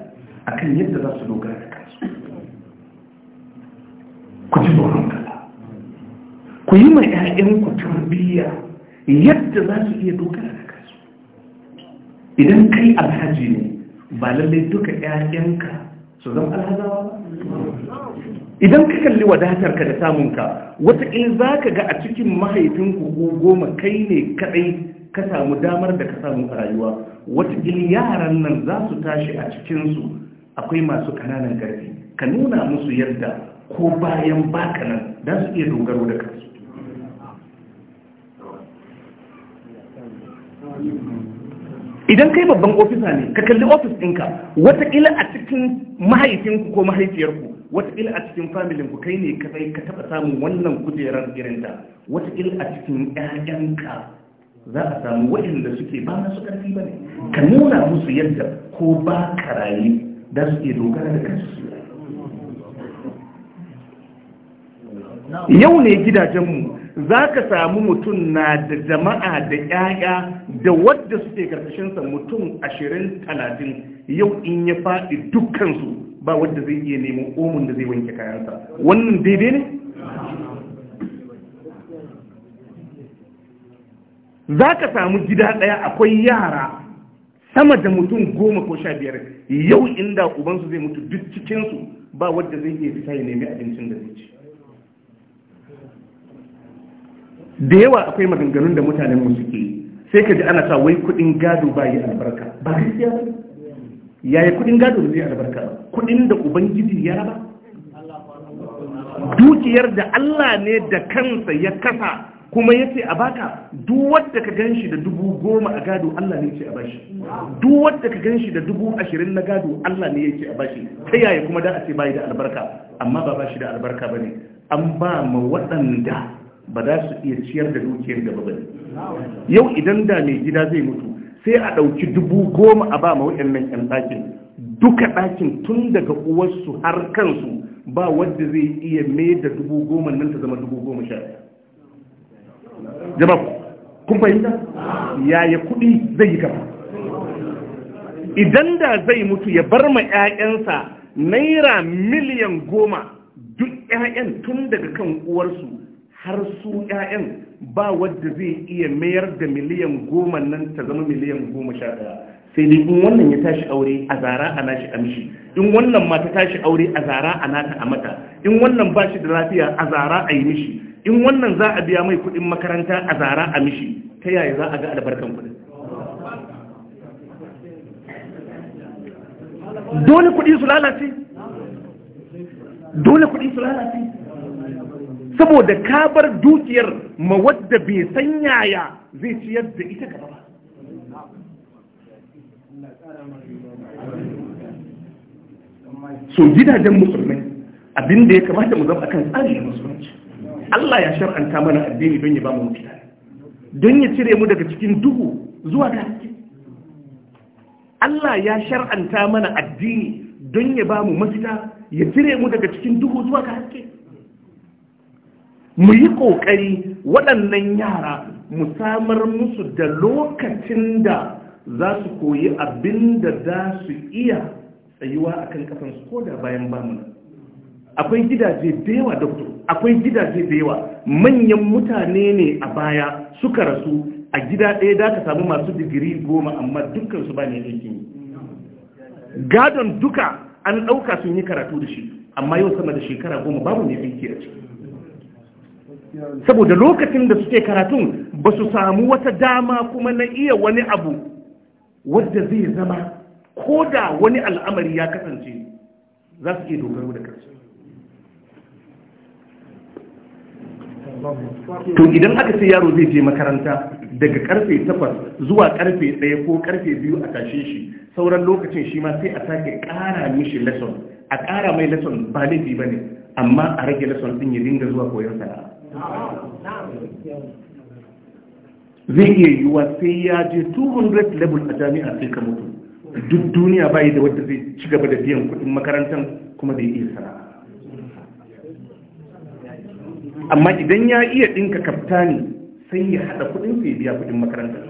akan yadda za su dogara da kansu ku ji tsoron kansu ku yi mai ‘ya'yanku tarbiyya yadda za su iya dogara da kasu idan kai alhaji ne ba lallai duka ‘ya'yanka su zama alhazawa ba idan ka kalli wadatarka da samun samunka wataƙil za ka ga a cikin mahaifinku ko goma kai ne kaɗai ka samu damar da ka samu a rayuwa wataƙil yaran nan za su tashi a cikinsu akwai masu ƙananan ƙarfi ka nuna musu yadda ko bayan baka nan za su iya dogaro da kansu idan kai babban ofisa ne ka kalli ofis ɗinka watakila a cikin mahaifinku ko mahaifiyarku watakila a cikin familinku, kai ne ka ka taɓa samun wannan kujerar irinta watakila a cikin 'ya'yanka, za a samu waɗanda suke ba masu ƙarfi ba ne ka nuna musu yadda ko ba ka rayu da su iya dogara da kansu yau ne gidajenmu za ka samu mutum na da jama'a da 'ya'ya da wadda suke karkashinsa mutum ashirin talatin yau in ya faɗi dukkansu ba wadda zai iya neman omun da zai wanke kayansa wannan daidai ne za ka samu gida ɗaya akwai yara sama da mutum goma ko sha biyar yau inda ubansu zai mutu duk cikinsu ba wadda zai iya fita ya nemi abincin da zai ci da yawa akwai maganganun da mutanen mu suke sai ka ji ana sa wai kudin gado ba yi albarka ba gaskiya ba yaya kudin gado ba zai albarka ba kudin da ubangiji ya raba dukiyar da Allah ne da kansa ya kasa kuma yace a baka duk wanda ka ganshi da dubu goma a gado Allah ne yace a bashi duk wanda ka ganshi da dubu ashirin na gado Allah ne yace a bashi ta yaya kuma da a ce bai da albarka amma ba bashi da albarka bane an ba ma waɗanda ba za su iya ciyar da dukiyar gaba ba yau idan da mai gida zai mutu sai a ɗauki dubu goma a ba ma nan 'yan ɗakin duka ɗakin tun daga uwarsu har kansu ba wadda zai iya mai da dubu goma nan ta zama dubu goma sha jama'a kun fahimta yaya kuɗi zai yi kafa idan da zai mutu ya bar ma 'ya'yansa naira miliyan goma duk 'ya'yan tun daga kan uwarsu har su 'ya'yan ba wadda zai iya mayar da miliyan goma nan ta zama miliyan goma sha ɗaya sai dai in wannan ya tashi aure a zara a nashi a mishi in wannan ma ta tashi aure a zara a nata a mata in wannan ba shi da lafiya a zara a yi mishi in wannan za a biya mai kuɗin makaranta a zara a mishi ta yaya za a ga albarkan kuɗin dole kuɗi su lalace dole kuɗi su lalace saboda ka bar dukiyar ma wadda bai san yaya zai ciyar da ita gaba ba so gidajen musulmai abinda ya kamata mu zama akan tsari da musulunci Allah ya shar'anta mana addini don ya ba mu mutane don ya cire mu daga cikin duhu zuwa ga Allah ya shar'anta mana addini don ya ba mu mafita ya cire mu daga cikin duhu zuwa ga haske mu yi ƙoƙari waɗannan yara mu samar musu da lokacin da za su koyi abin da za su iya tsayuwa a kan kafansu ko da bayan bamuna akwai gidaje da yawa doktor akwai gidaje da yawa manyan mutane ne a baya suka rasu a gida ɗaya da ka samu masu digiri goma amma su ba ne aikin gadon duka an ɗauka sun yi karatu da shi amma yau sama da shekara goma babu ne aiki a ciki saboda lokacin da suke karatun ba su samu wata dama kuma na iya wani abu wadda zai zama ko da wani al'amari ya kasance za su iya dogaro da kansu to idan aka ce yaro zai je makaranta daga karfe 8 zuwa karfe 1 ko karfe 2 a tashe shi sauran lokacin shi ma sai a sake kara mishi lesson a kara mai lesson ba laifi ba ne amma a rage lesson din ya dinga zuwa koyon sana'a zai iya yiwuwa sai ya je 200 level a jami'a sai ka mutu duk duniya bayi da wadda zai ci gaba da biyan kudin makarantar kuma ya iya sana'a amma idan ya iya ɗinka kaftani sai ya hada kudin sai biya kudin makarantar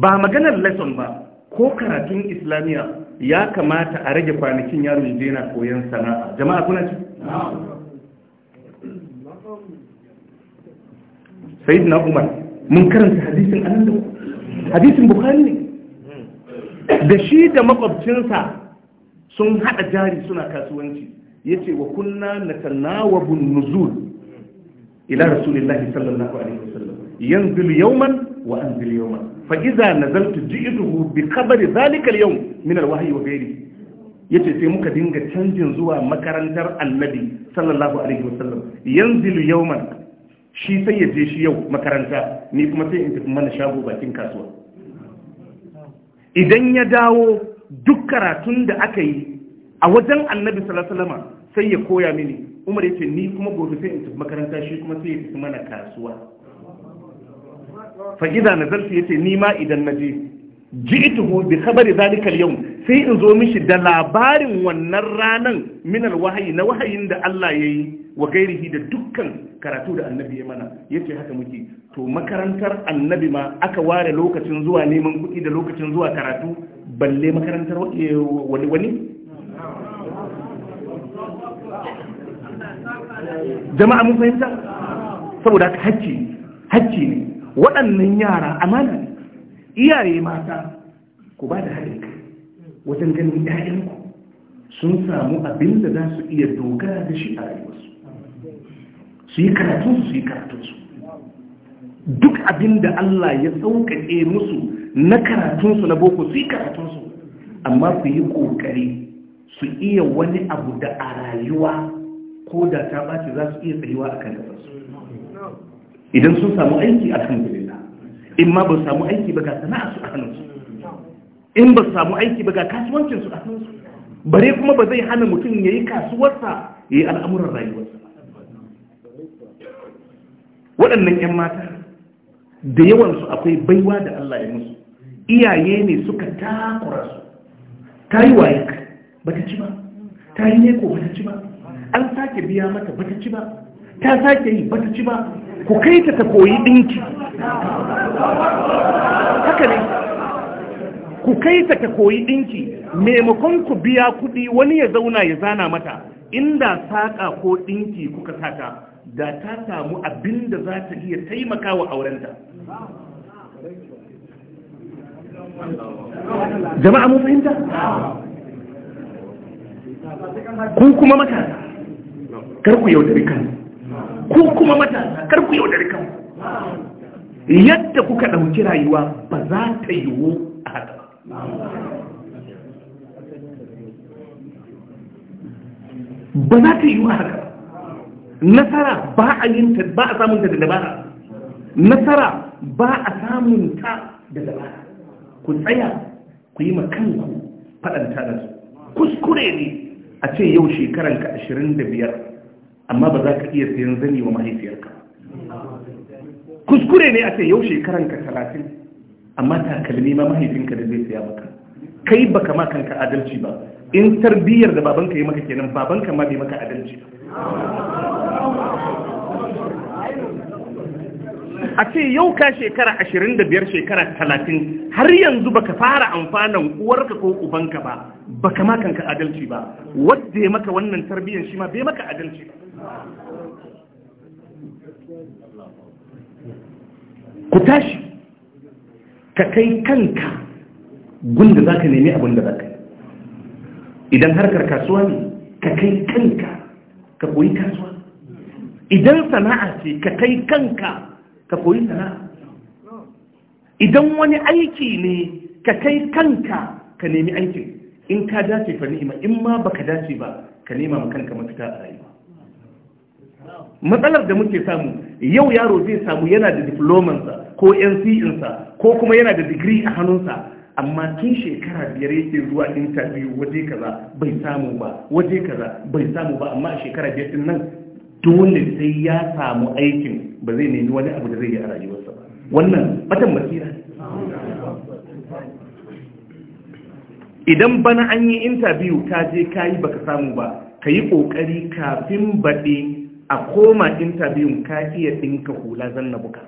ba maganar lesson ba ko karatun islamiyya ya kamata a rage kwanakin yaro je koyon sana'a jama'a kuna ci? sayyidina umar mun karanta hadisin annabi hadisin bukhari ne da shi da makwabcinsa sun haɗa jari suna kasuwanci yace wa kunna natanawabu nuzul ila rasulillahi sallallahu alaihi wasallam yanzil yawman wa anzil yawman fa idza nazaltu ji'tuhu bi khabari dhalika wahyi wa yace sai muka dinga canjin zuwa makarantar annabi sallallahu alaihi wasallam yanzil yawman shi sai ya je shi yau makaranta ni kuma sai in tafi mana shago bakin kasuwa idan ya dawo duk karatun da aka yi a wajen annabi sallallahu sai ya koya mini umar yace ni kuma gobe sai in tafi makaranta shi kuma sai ya tafi mana kasuwa fa idza nazartu yace ni ma idan je. ji'tuhu bi khabari zalika al-yawm sai in zo mishi da labarin wannan ranan min al-wahyi na wahayin da Allah yayi wa gairihi da dukkan karatu da annabi ya mana yace haka muke to makarantar annabi ma aka ware lokacin zuwa neman kuɗi da lokacin zuwa karatu balle makarantar eh, wani wani jama'a mun fahimta saboda haka hacci hacci ne waɗannan yara amana ne iyaye mata ku ba da haɗin kai wajen ganin ‘ya'yanku sun samu abin da za su iya dogara da shi a rayuwarsu su yi karatunsu su yi karatunsu duk abin da Allah ya sauƙaƙe musu na karatunsu na boko su yi karatunsu amma su yi ƙoƙari su iya wani abu da a rayuwa ko da ta ɓace za su iya tsayuwa a kan idan sun samu aiki a kan in ma ba samu aiki ba ga sana'a su a hannunsu in ba samu aiki ba ga kasuwancin a hannunsu bare kuma ba zai hana mutum ya yi kasuwarsa ya yi al'amuran rayuwarsa waɗannan 'yan mata da yawansu akwai baiwa da Allah ya musu iyaye ne suka takura su ta yi waye ba ta ci ba ta yi neko ba ta ci ba an sake biya mata ba ta ci ba ta sake yi ba ci ba ku kai ta ta koyi ɗinki haka ne ku kai ta ta koyi dinki maimakon ku biya kudi wani ya zauna ya zana mata inda saka ko dinki kuka saka, da ta samu abin da za ta iya taimaka wa aurenta jama'a mun fahimta ku kuma mata kar ku yaudari kan ku kuma mata kar ku yaudari kan yadda kuka ɗauki rayuwa ba za ta yiwu a haka ba ba za ta yiwu a haka ba nasara ba a yin ta ba a samun ta da dabara nasara ba a samun ta da dabara ku tsaya ku yi makanku faɗanta da su kuskure ne a ce yau shekaranka ashirin da biyar amma ba za ka iya sayan zani wa mahaifiyarka kuskure ne a ce yau shekaran ka talatin amma takalmi ma mahaifinka da zai saya maka kai baka ma kanka adalci ba in tarbiyyar da babanka yi maka kenan babanka ma bai maka adalci ba a ce yau ka shekara ashirin da biyar shekara talatin har yanzu baka fara amfanan uwarka ko ubanka ba baka ma kanka adalci ba wadda ya maka wannan tarbiyyar shi ma bai maka adalci ba ku tashi ka kai kanka gunda za ka nemi abin da za ka idan harkar kasuwa ne ka kai kanka ka koyi kasuwa idan sana'a ce ka kai kanka ka koyi sana'a idan wani aiki ne ka kai kanka ka nemi aikin in ka dace fa ni'ima in ma baka dace ba ka nema ma kanka mafita a rayuwa matsalar da muke samu yau yaro zai samu yana da diplomansa ko ncinsa ko kuma yana da digiri a hannunsa amma tun shekara biyar yake zuwa interview waje kaza bai samu ba waje kaza bai samu ba amma a shekara biyar din nan dole sai ya samu aikin ba zai nemi wani abu da zai yi a rayuwarsa ba wannan batan basira idan bana an yi interview ka je kayi baka samu ba ka yi kokari kafin baɗe a koma intabiyun ka iya ɗinka hula zanna buka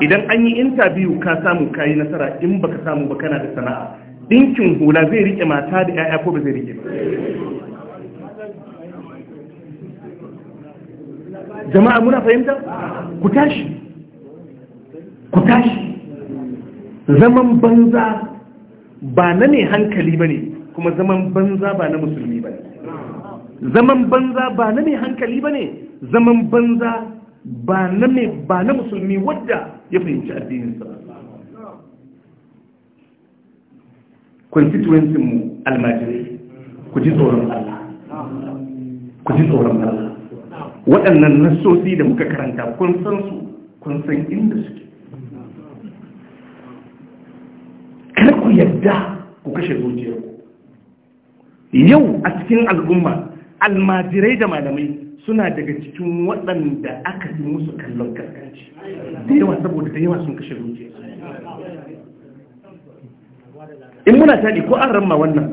idan an yi intabiyu ka samu kayi nasara in baka samu ba kana da sana'a ɗinkin hula zai rike mata da 'ya'ya ko ba zai rike ba jama'a muna fahimta ku tashi ku tashi zaman banza ba na ne hankali ba ne kuma zaman banza ba na musulmi ba ne zaman banza ba na mai hankali ba ne zaman banza ba na mai ba na musulmi wadda ya fahimci addininsa constituency mu almajiri ku ji tsoron Allah ku ji tsoron Allah waɗannan nassosi da muka karanta kun san su kun san inda suke kar ku yadda ku kashe zuciyarku yau a cikin al'umma almajirai da malamai suna daga cikin waɗanda aka yi musu kallon karkanci da yawa saboda da yawa sun kashe zuciya in muna tadi ko an ramma wannan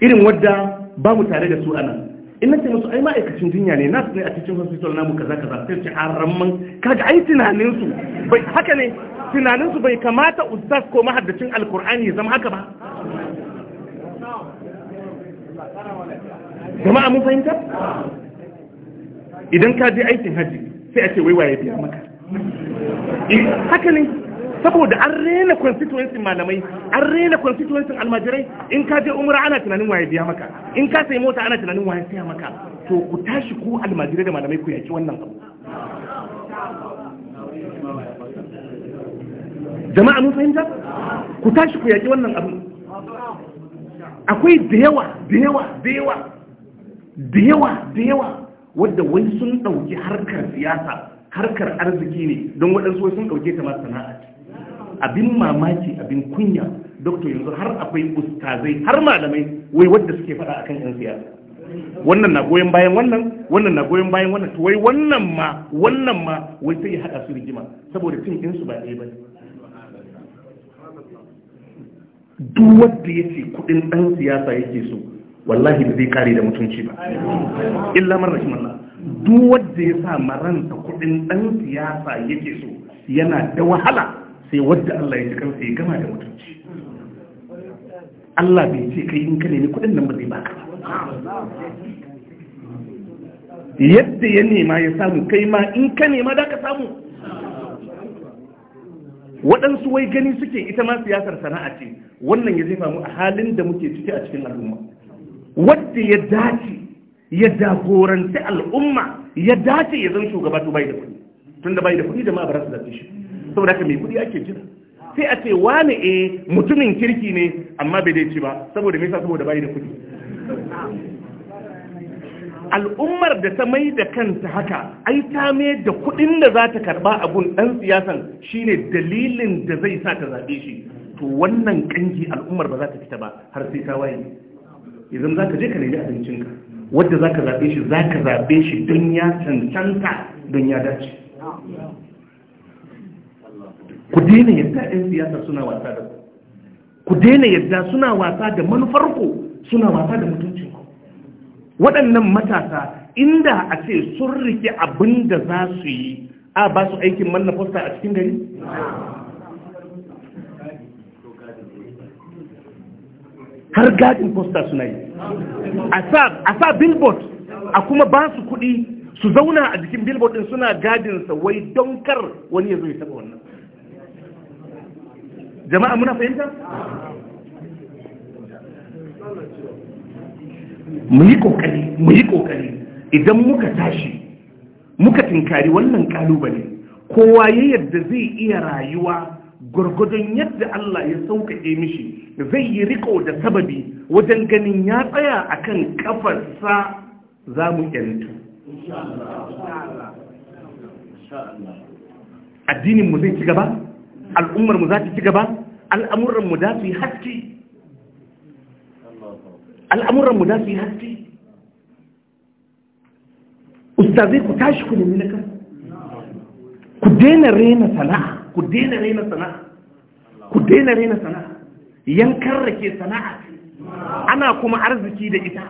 irin wadda ba mu tare da su anan in na ce musu ai ma'aikacin jinya ne nasu ne a cikin hospital namu kaza kaza sai ce an ramman kaga ai tunaninsu bai haka ne tunaninsu bai kamata ustaz ko mahaddacin alkur'ani ya zama haka ba jama'a mun fahimta idan ka je aikin haji sai a ce wai waye biya maka eh, haka ne saboda an rena constituency malamai an rena constituency almajirai in ka je umra ana tunanin waye biya maka in ka sai mota ana tunanin waye siya maka to ku tashi ku almajirai da malamai ku yaki wannan abu jama'a mun fahimta ku tashi ku yaki wannan abu akwai da yawa da yawa da yawa da yawa da yawa wadda wani sun ɗauki harkar siyasa harkar arziki ne don waɗansu sun ɗauke ta masu sana'a abin mamaki abin kunya doktor yanzu har akwai ustazai har malamai wai wadda suke faɗa akan yan siyasa wannan na goyon bayan wannan wannan na goyon bayan wannan wai wannan ma wannan ma wai sai ya haɗa su rigima saboda cin ɗinsu ba ɗaya ba ne duk wanda ya ce kuɗin ɗan siyasa yake so wallahi ba zai kare da mutunci ba illa man Allah. duk wanda ya sa maranta kudin dan siyasa yake so yana da wahala sai wadda Allah ya ji kansa ya gama da mutunci Allah bai ce kai in ka nemi kudin nan ba zai baka yadda ya nema ya samu kai ma in ka nema da ka samu waɗansu wai gani suke ita ma siyasar sana'a ce wannan ya jefa mu a halin da muke ciki a cikin al'umma wadda ya dace ya jagoranci al'umma ya dace ya zan shugaba to bai da kuɗi tun da bai da kuɗi da ma ba su zaɓe shi saboda haka mai kuɗi ake jira sai a ce wani e eh, mutumin kirki ne amma bai dace ba saboda me yasa saboda bai da kuɗi al'ummar da ta mai da kanta haka ai ta mai da kuɗin da za ta karɓa abun gun ɗan siyasan shine dalilin da zai sa ta zaɓe shi to wannan ƙangi al'ummar ba za ta fita ba har sai ta waye idan za ka je ka nemi abincinka wadda za ka zaɓe shi za ka zaɓe shi don ya cancanta don ya dace ku daina yadda 'yan siyasa suna wasa da ku ku daina yadda suna wasa da manufarku suna wasa da mutuncinku waɗannan matasa inda a ce sun rike abin da za su yi a ba su aikin manna fosta a cikin gari har gadin posta suna yi a sa billboard a kuma ba su kuɗi su zauna a jikin billboard din suna gadinsa wai don kar wani ya zo ya taɓa wannan jama'a muna fahimta? mu yi ƙoƙari mu yi kokari idan muka tashi muka tinkari wannan ƙalubale kowa ya yadda zai iya rayuwa Gwargwadon yadda Allah ya sauƙaƙe mishi zai yi riko da sababi wajen ganin ya tsaya a kan kafarsa za mu yantu addininmu zai ci gaba al'ummarmu za ta ci gaba al'amuranmu za su yi haske al'amuranmu za su yi haske ustazai ku tashi ku nemi na kan ku daina rena sana'a ku daina raina sana'a ku daina raina sana'a yankar rake sana'a ana kuma arziki da ita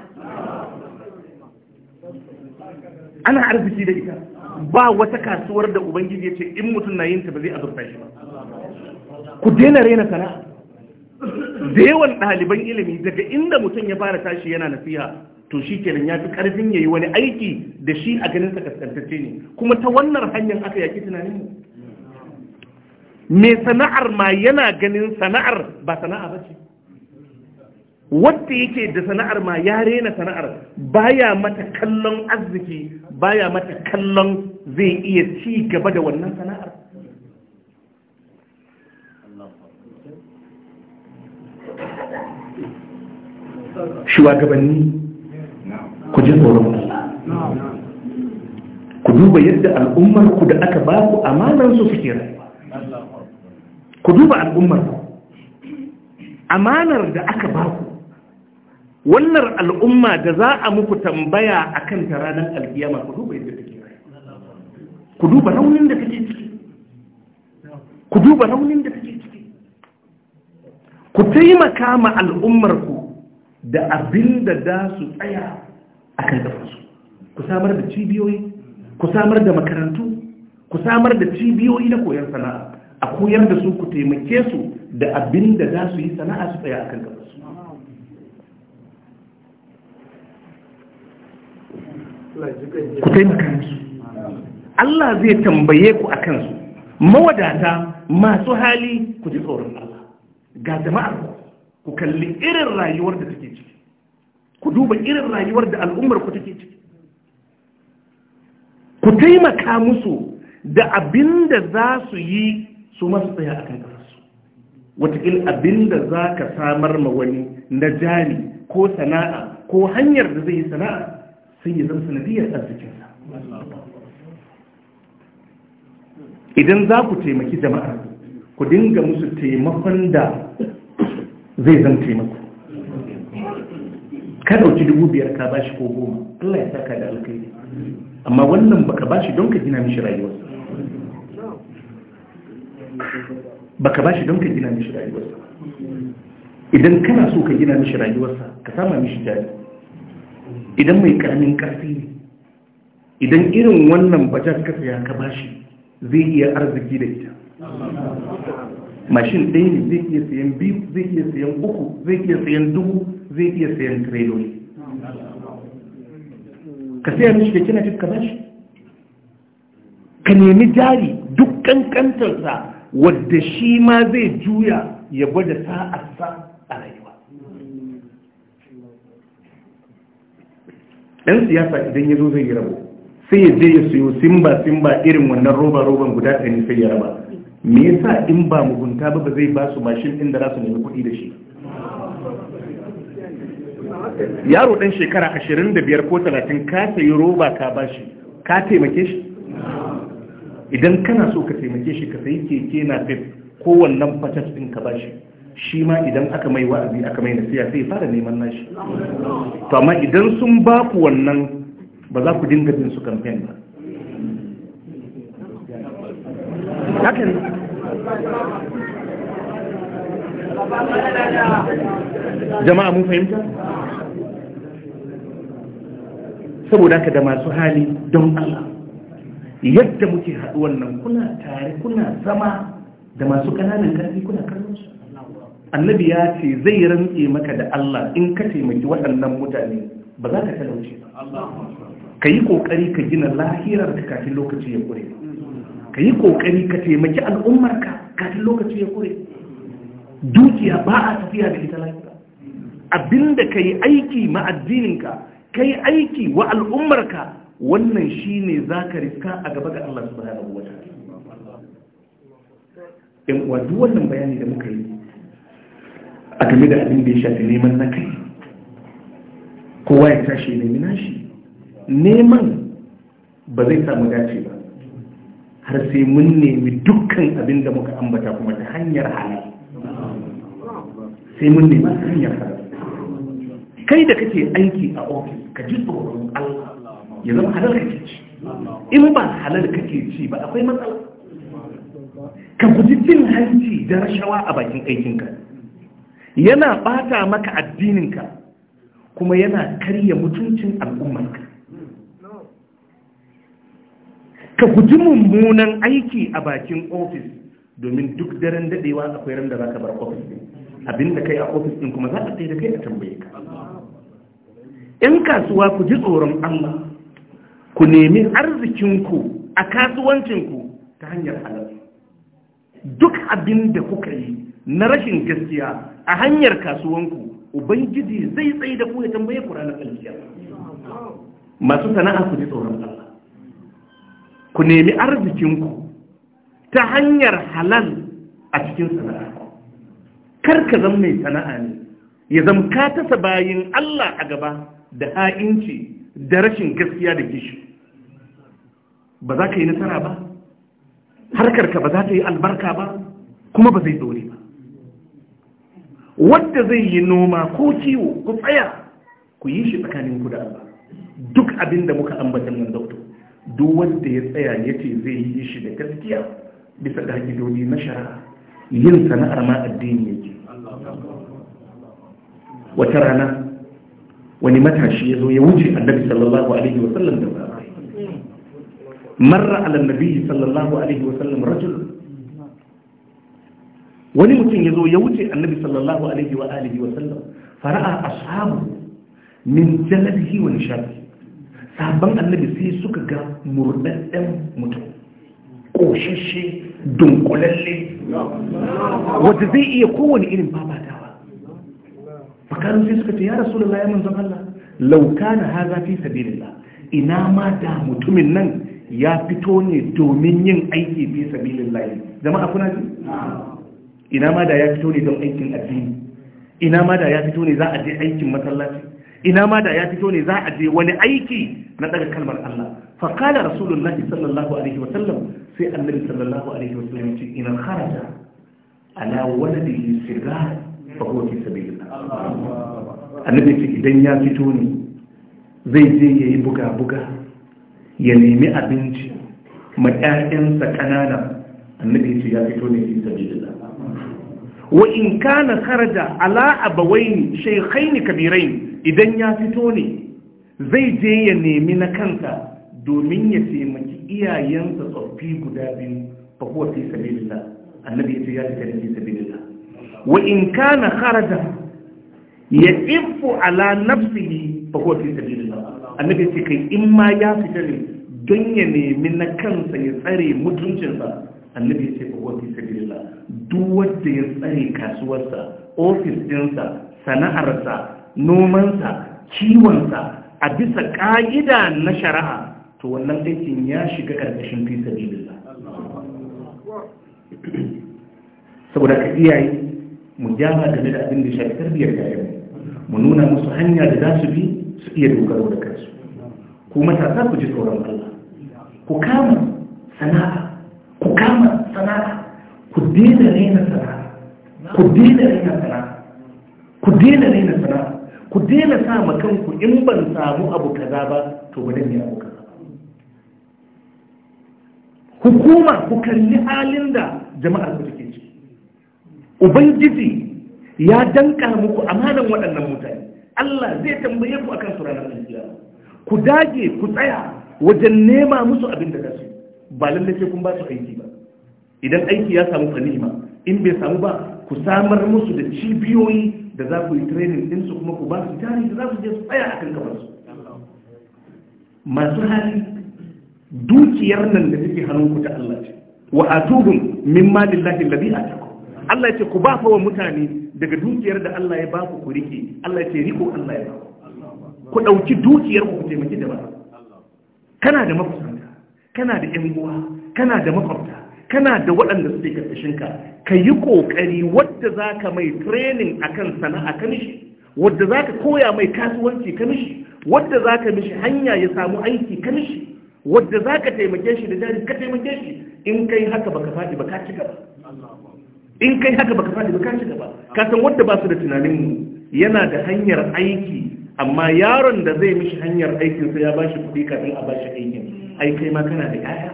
ana arziki da ita ba wata kasuwar da ubangiji ya ce in mutum na yin ta ba zai azurta shi ba ku daina raina sana'a da yawan ɗaliban ilimi daga inda mutum ya fara tashi yana nasiha to shi kenan ya fi ƙarfin ya yi wani aiki da shi a ganin sa kaskantacce ne kuma ta wannan hanyar aka yaki tunanin me sana'ar ma yana ganin sana'ar ba sana'a ba ce wadda yake da sana'ar ma ya rena sana'ar baya mata kallon arziki baya mata kallon zai iya ci gaba da wannan sana'ar shugabanni ku ji tsoron ku duba yadda al'ummarku da aka ba ku amanar su suke ku duba al'ummar ku amanar da aka ba ku wannan al'umma da za a muku tambaya a kan ta ranar alkiyama ku duba yadda take ku duba raunin da take ciki ku duba raunin da take ciki ku taimaka ma al'ummarku da abin da za su tsaya a kan su. ku samar da cibiyoyi ku samar da makarantu ku samar da cibiyoyi na koyon sana'a a koyar da su ku taimake su da abin da za su yi sana'a su tsaya a kan gaba Allah zai tambaye ku a kansu mawadata masu hali ku ji tsoron Allah ga jama'ar ku kalli irin rayuwar da take ciki ku duba irin rayuwar da al'ummar ku take ciki ku taimaka musu da abin da za su yi su masu tsaya a kan ƙasarsu watakil abinda za ka samar ma wani na jari ko sana'a ko hanyar da zai yi sana'a sun yi zama sanadiyar arzikinsa idan za ku taimaki jama'a ku dinga musu taimakon da zai zan taimako ka ɗauki dubu biyar ka ba shi ko goma Allah ya saka da alkai amma wannan baka ba shi don ka gina mishi rayuwarsa baka ba shi don ka gina mishi rayuwarsa idan kana so ka gina mishi rayuwarsa ka sama mishi jari idan mai karamin karfi ne idan irin wannan bajar kasa ya ka bashi zai iya arziki da ita mashin ɗaya ne zai iya sayan biyu zai iya sayan uku zai iya sayan dubu zai iya sayan trailoli ka saya mishi da kina ka bashi ka nemi jari duk kankantarsa wadda shi ma zai juya ya gwada sa'arsa a rayuwa ɗan siyasa idan ya zo zai yi rabo sai ya je ya siyo simba-simba irin wannan roba-roban guda ɗani sai ya raba me yasa in ba mugunta ba ba zai ba su mashin inda za su nemi kuɗi da shi yaro ɗan shekara ashirin da biyar ko talatin ka sayi roba ka bashi, shi ka taimake shi idan kana so ka taimake shi ka sayi keke na fit ko wannan fatas din ka bashi shi ma idan aka mai wa'azi aka mai nasiya sai fara neman nashi to amma idan sun ba ku wannan ba za ku dinga bin su campaign ba Yakin jama'a mun fahimta saboda ka da masu hali don Allah yadda muke haɗu wannan kuna tare kuna zama da masu ƙananan ƙarfi kuna kallon su annabi ya ce zai rantse maka da Allah in ka taimaki waɗannan mutane ba za ka talauce ka yi ƙoƙari ka gina lahirar ka kafin lokaci ya ƙure ka yi ƙoƙari ka taimaki al'ummarka kafin lokaci ya ƙure dukiya ba a tafiya da ita lafiya abinda ka yi aiki ma addininka ka yi aiki wa al'ummarka wannan shine ka riska a gaba ga Allah su bayan wata. Yan duk wannan bayani da muka yi a game da abin da ya shafi neman na kai kowa ya tashi nemi nashi neman ba zai samu dace ba har sai mun nemi dukkan abin da muka ambata kuma ta hanyar halal sai mun nemi hanyar halal kai da kake aiki a ofis ka ji tsoron Allah ya zama halal kake ci in ba halal kake ci ba akwai matsala ka guji cin hanci da rashawa a bakin aikinka yana bata maka addininka kuma yana karya mutuncin al'ummarka ka guji mummunan aiki a bakin ofis domin duk daren dadewa akwai ran da za ka bar ofis din abinda kai a ofis din kuma za a tsaye da kai a tambaye ka 'yan kasuwa ku ji tsoron Allah ku nemi arzikinku a kasuwancinku ta hanyar halal duk abin da kuka yi na rashin gaskiya a hanyar kasuwanku ubangiji zai tsaye da ku ya tambaye ku ranar alkiyar masu sana'a ku ji tsoron ku nemi arzikinku ta hanyar halal a cikin sana'a kar ka zama mai sana'a ne ya zama ka tasa bayin Allah a gaba da ha'inci da rashin gaskiya da gishi ba za ka yi nasara ba harkarka ba za ta yi albarka ba kuma ba zai dore ba wadda zai yi noma ko ciwo ku tsaya ku yi shi tsakanin ku da Allah duk abin da muka ambatan nan dauto duk wanda ya tsaya ya ce zai yi shi da gaskiya bisa da hakidodi na shari'a yin sana'ar ma addini yake wata rana wani matashi ya zo ya wuce annabi sallallahu alaihi wa sallam da ba marra ala nabi sallallahu alaihi wa sallam rajul wani mutum ya zo ya wuce annabi sallallahu alaihi wa alihi wa sallam fara'a ashabu min jalabihi wa nishati sabon annabi sai suka ga murdadden mutum koshashe dunkulalle wanda zai iya kowane irin babata fakarin sai suka ce ya rasu da ya manzan Allah lauka na haza fi sabilillah ina ma da mutumin nan ya fito ne domin yin aiki fi sabilillah jama'a kuna ji ina ma da ya fito ne don aikin addini ina ma da ya fito ne za a je aikin masallaci ina ma da ya fito ne za a je wani aiki na daga kalmar Allah fa qala rasulullah sallallahu alaihi wa sallam sai annabi sallallahu alaihi wa sallam ya ce ina kharaja ala waladihi sigar fa huwa fi sabilillah annabi ce idan ya fito ne zai je ya yi buga-buga ya nemi abinci ma 'ya'yansa ƙanana annabi ce ya fito ne fi sabidila wa in na kharaja ala abawaini ne kabirai idan ya fito ne zai je ya nemi na kansa domin ya taimaki iyayensa tsoffi guda biyu fa huwa fi da annabi ce ya ne fi sabilillah wa in na kharaja ya ifu ala nafsihi fa huwa fi sabilillah annabi ce kai in ma ya fita ne don ya nemi na kansa ya tsare mutuncin mutuncinsa annabi ce fa huwa fi sabilillah duk wanda ya tsare kasuwarsa ofis ɗinsa sana'arsa nomansa sa a bisa ka'ida na shari'a to wannan aikin ya shiga karkashin fi sabilillah saboda ka iyaye mu gyara game da abin da shafi tarbiyyar yayin mu nuna musu hanya da za su bi su iya dogaro da kansu ku matasa ku ji tsoron Allah ku kama sana'a ku kama sana'a ku daina rena sana'a ku daina rena sana'a ku daina rena sana'a ku daina sa ma kanku in ban samu abu kaza ba to ba dan abu kaza hukuma ku kalli halin da jama'ar ku take ciki ubangiji ya danka muku amanan waɗannan mutane Allah zai tambaye ku akan su ranar jiya ku dage ku tsaya wajen nema musu abin da kasu ba lalle sai kun ba su aiki ba idan aiki ya samu fanima in bai samu ba ku samar musu da cibiyoyi da za ku yi training din su kuma ku ba su tari da za su je su tsaya akan kafar su masu hali dukiyar nan da take hannun ku ta Allah ce wa atuhum min lillahi alladhi ataku Allah ya ce ku ba fa wa mutane daga dukiyar da Allah ya baku ku rike Allah ce riko Allah ya baku ku dauki dukiyar ku taimaki da ba kana da makusanta kana da yan uwa kana da makwabta kana da waɗanda suke karkashin ka ka yi kokari wadda zaka mai training akan sana'a kan shi wanda zaka koya mai kasuwanci kan shi wadda zaka mishi hanya ya samu aiki kan shi wanda zaka taimake shi da jari ka taimake shi in kai haka baka faɗi baka cika ba gaba in kai haka baka fadi baka shiga ba ka san wanda ba su da tunanin mu yana da hanyar aiki amma yaron da zai mishi hanyar aikin sai ya shi kuɗi kafin a ba shi aikin ai kai ma kana da yaya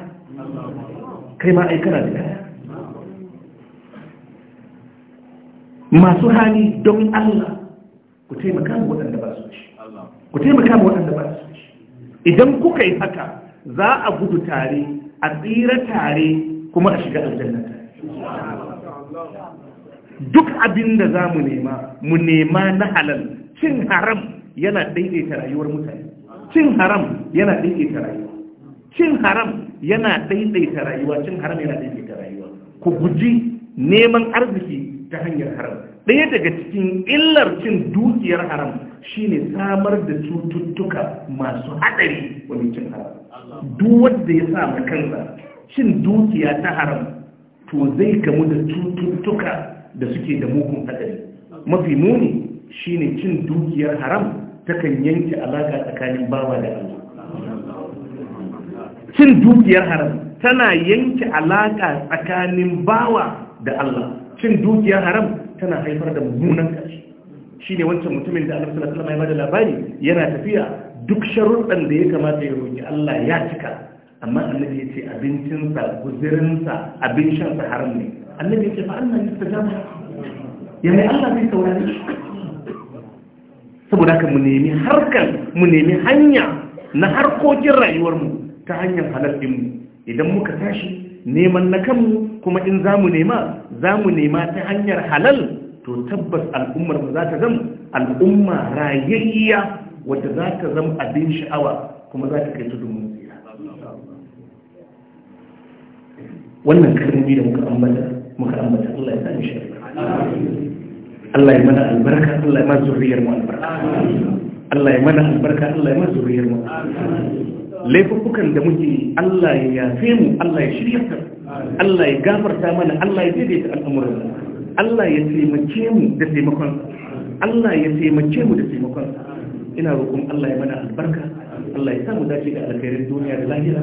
kai ma ai kana da yaya masu hali don Allah ku taimaka mu waɗanda ba su shi ku taimaka mu waɗanda ba su shi idan kuka yi haka za a gudu tare a tsira tare kuma a shiga aljanna tare duk abin da za mu nema mu nema na halal cin haram yana daidaita rayuwar mutane cin haram yana daidaita rayuwa cin haram yana daidaita rayuwa cin haram yana daidaita rayuwa ku guji neman arziki ta hanyar haram ɗaya daga cikin illar cin dukiyar haram shine samar da cututtuka masu haɗari wani cin haram duk wanda ya sa kansa cin dukiya ta haram to zai kamu da cututtuka da suke da mugun hadari mafi muni shine cin dukiyar haram takan yanke alaka tsakanin bawa da Allah cin dukiyar haram tana yanke alaka tsakanin bawa da Allah cin dukiyar haram tana haifar da mummunan kashi shine wancan mutumin da Allah sallallahu alaihi wasallam ya bada labari yana tafiya duk sharuɗan da ya kamata ya roki Allah ya cika amma annabi ya ce abincinsa guzirinsa abin shansa haram ne annabi ya ce fa Allah ya tajama ya mai Allah zai saurari saboda haka mu nemi harkar mu nemi hanya na harkokin rayuwarmu ta hanyar halal mu idan muka tashi neman na kanmu kuma in za mu nema za mu nema ta hanyar halal to tabbas al'ummar mu za ta zama al'umma rayayya wadda za ta zama abin sha'awa kuma za ta kai tudunmu wannan karni da muka ambata muka ambata Allah ya sami shi Allah ya mana albarka Allah ya mana zuriyar mu albarka Allah ya mana albarka Allah ya mana zuriyar mu laifukan da muke Allah ya yafe mu Allah ya shirya ta Allah ya gafarta mana Allah ya daidaita al'amuran mu Allah ya taimake mu da taimakon Allah ya taimake mu da taimakon ina roƙon Allah ya mana albarka Allah ya samu dace da alkhairin duniya da lahira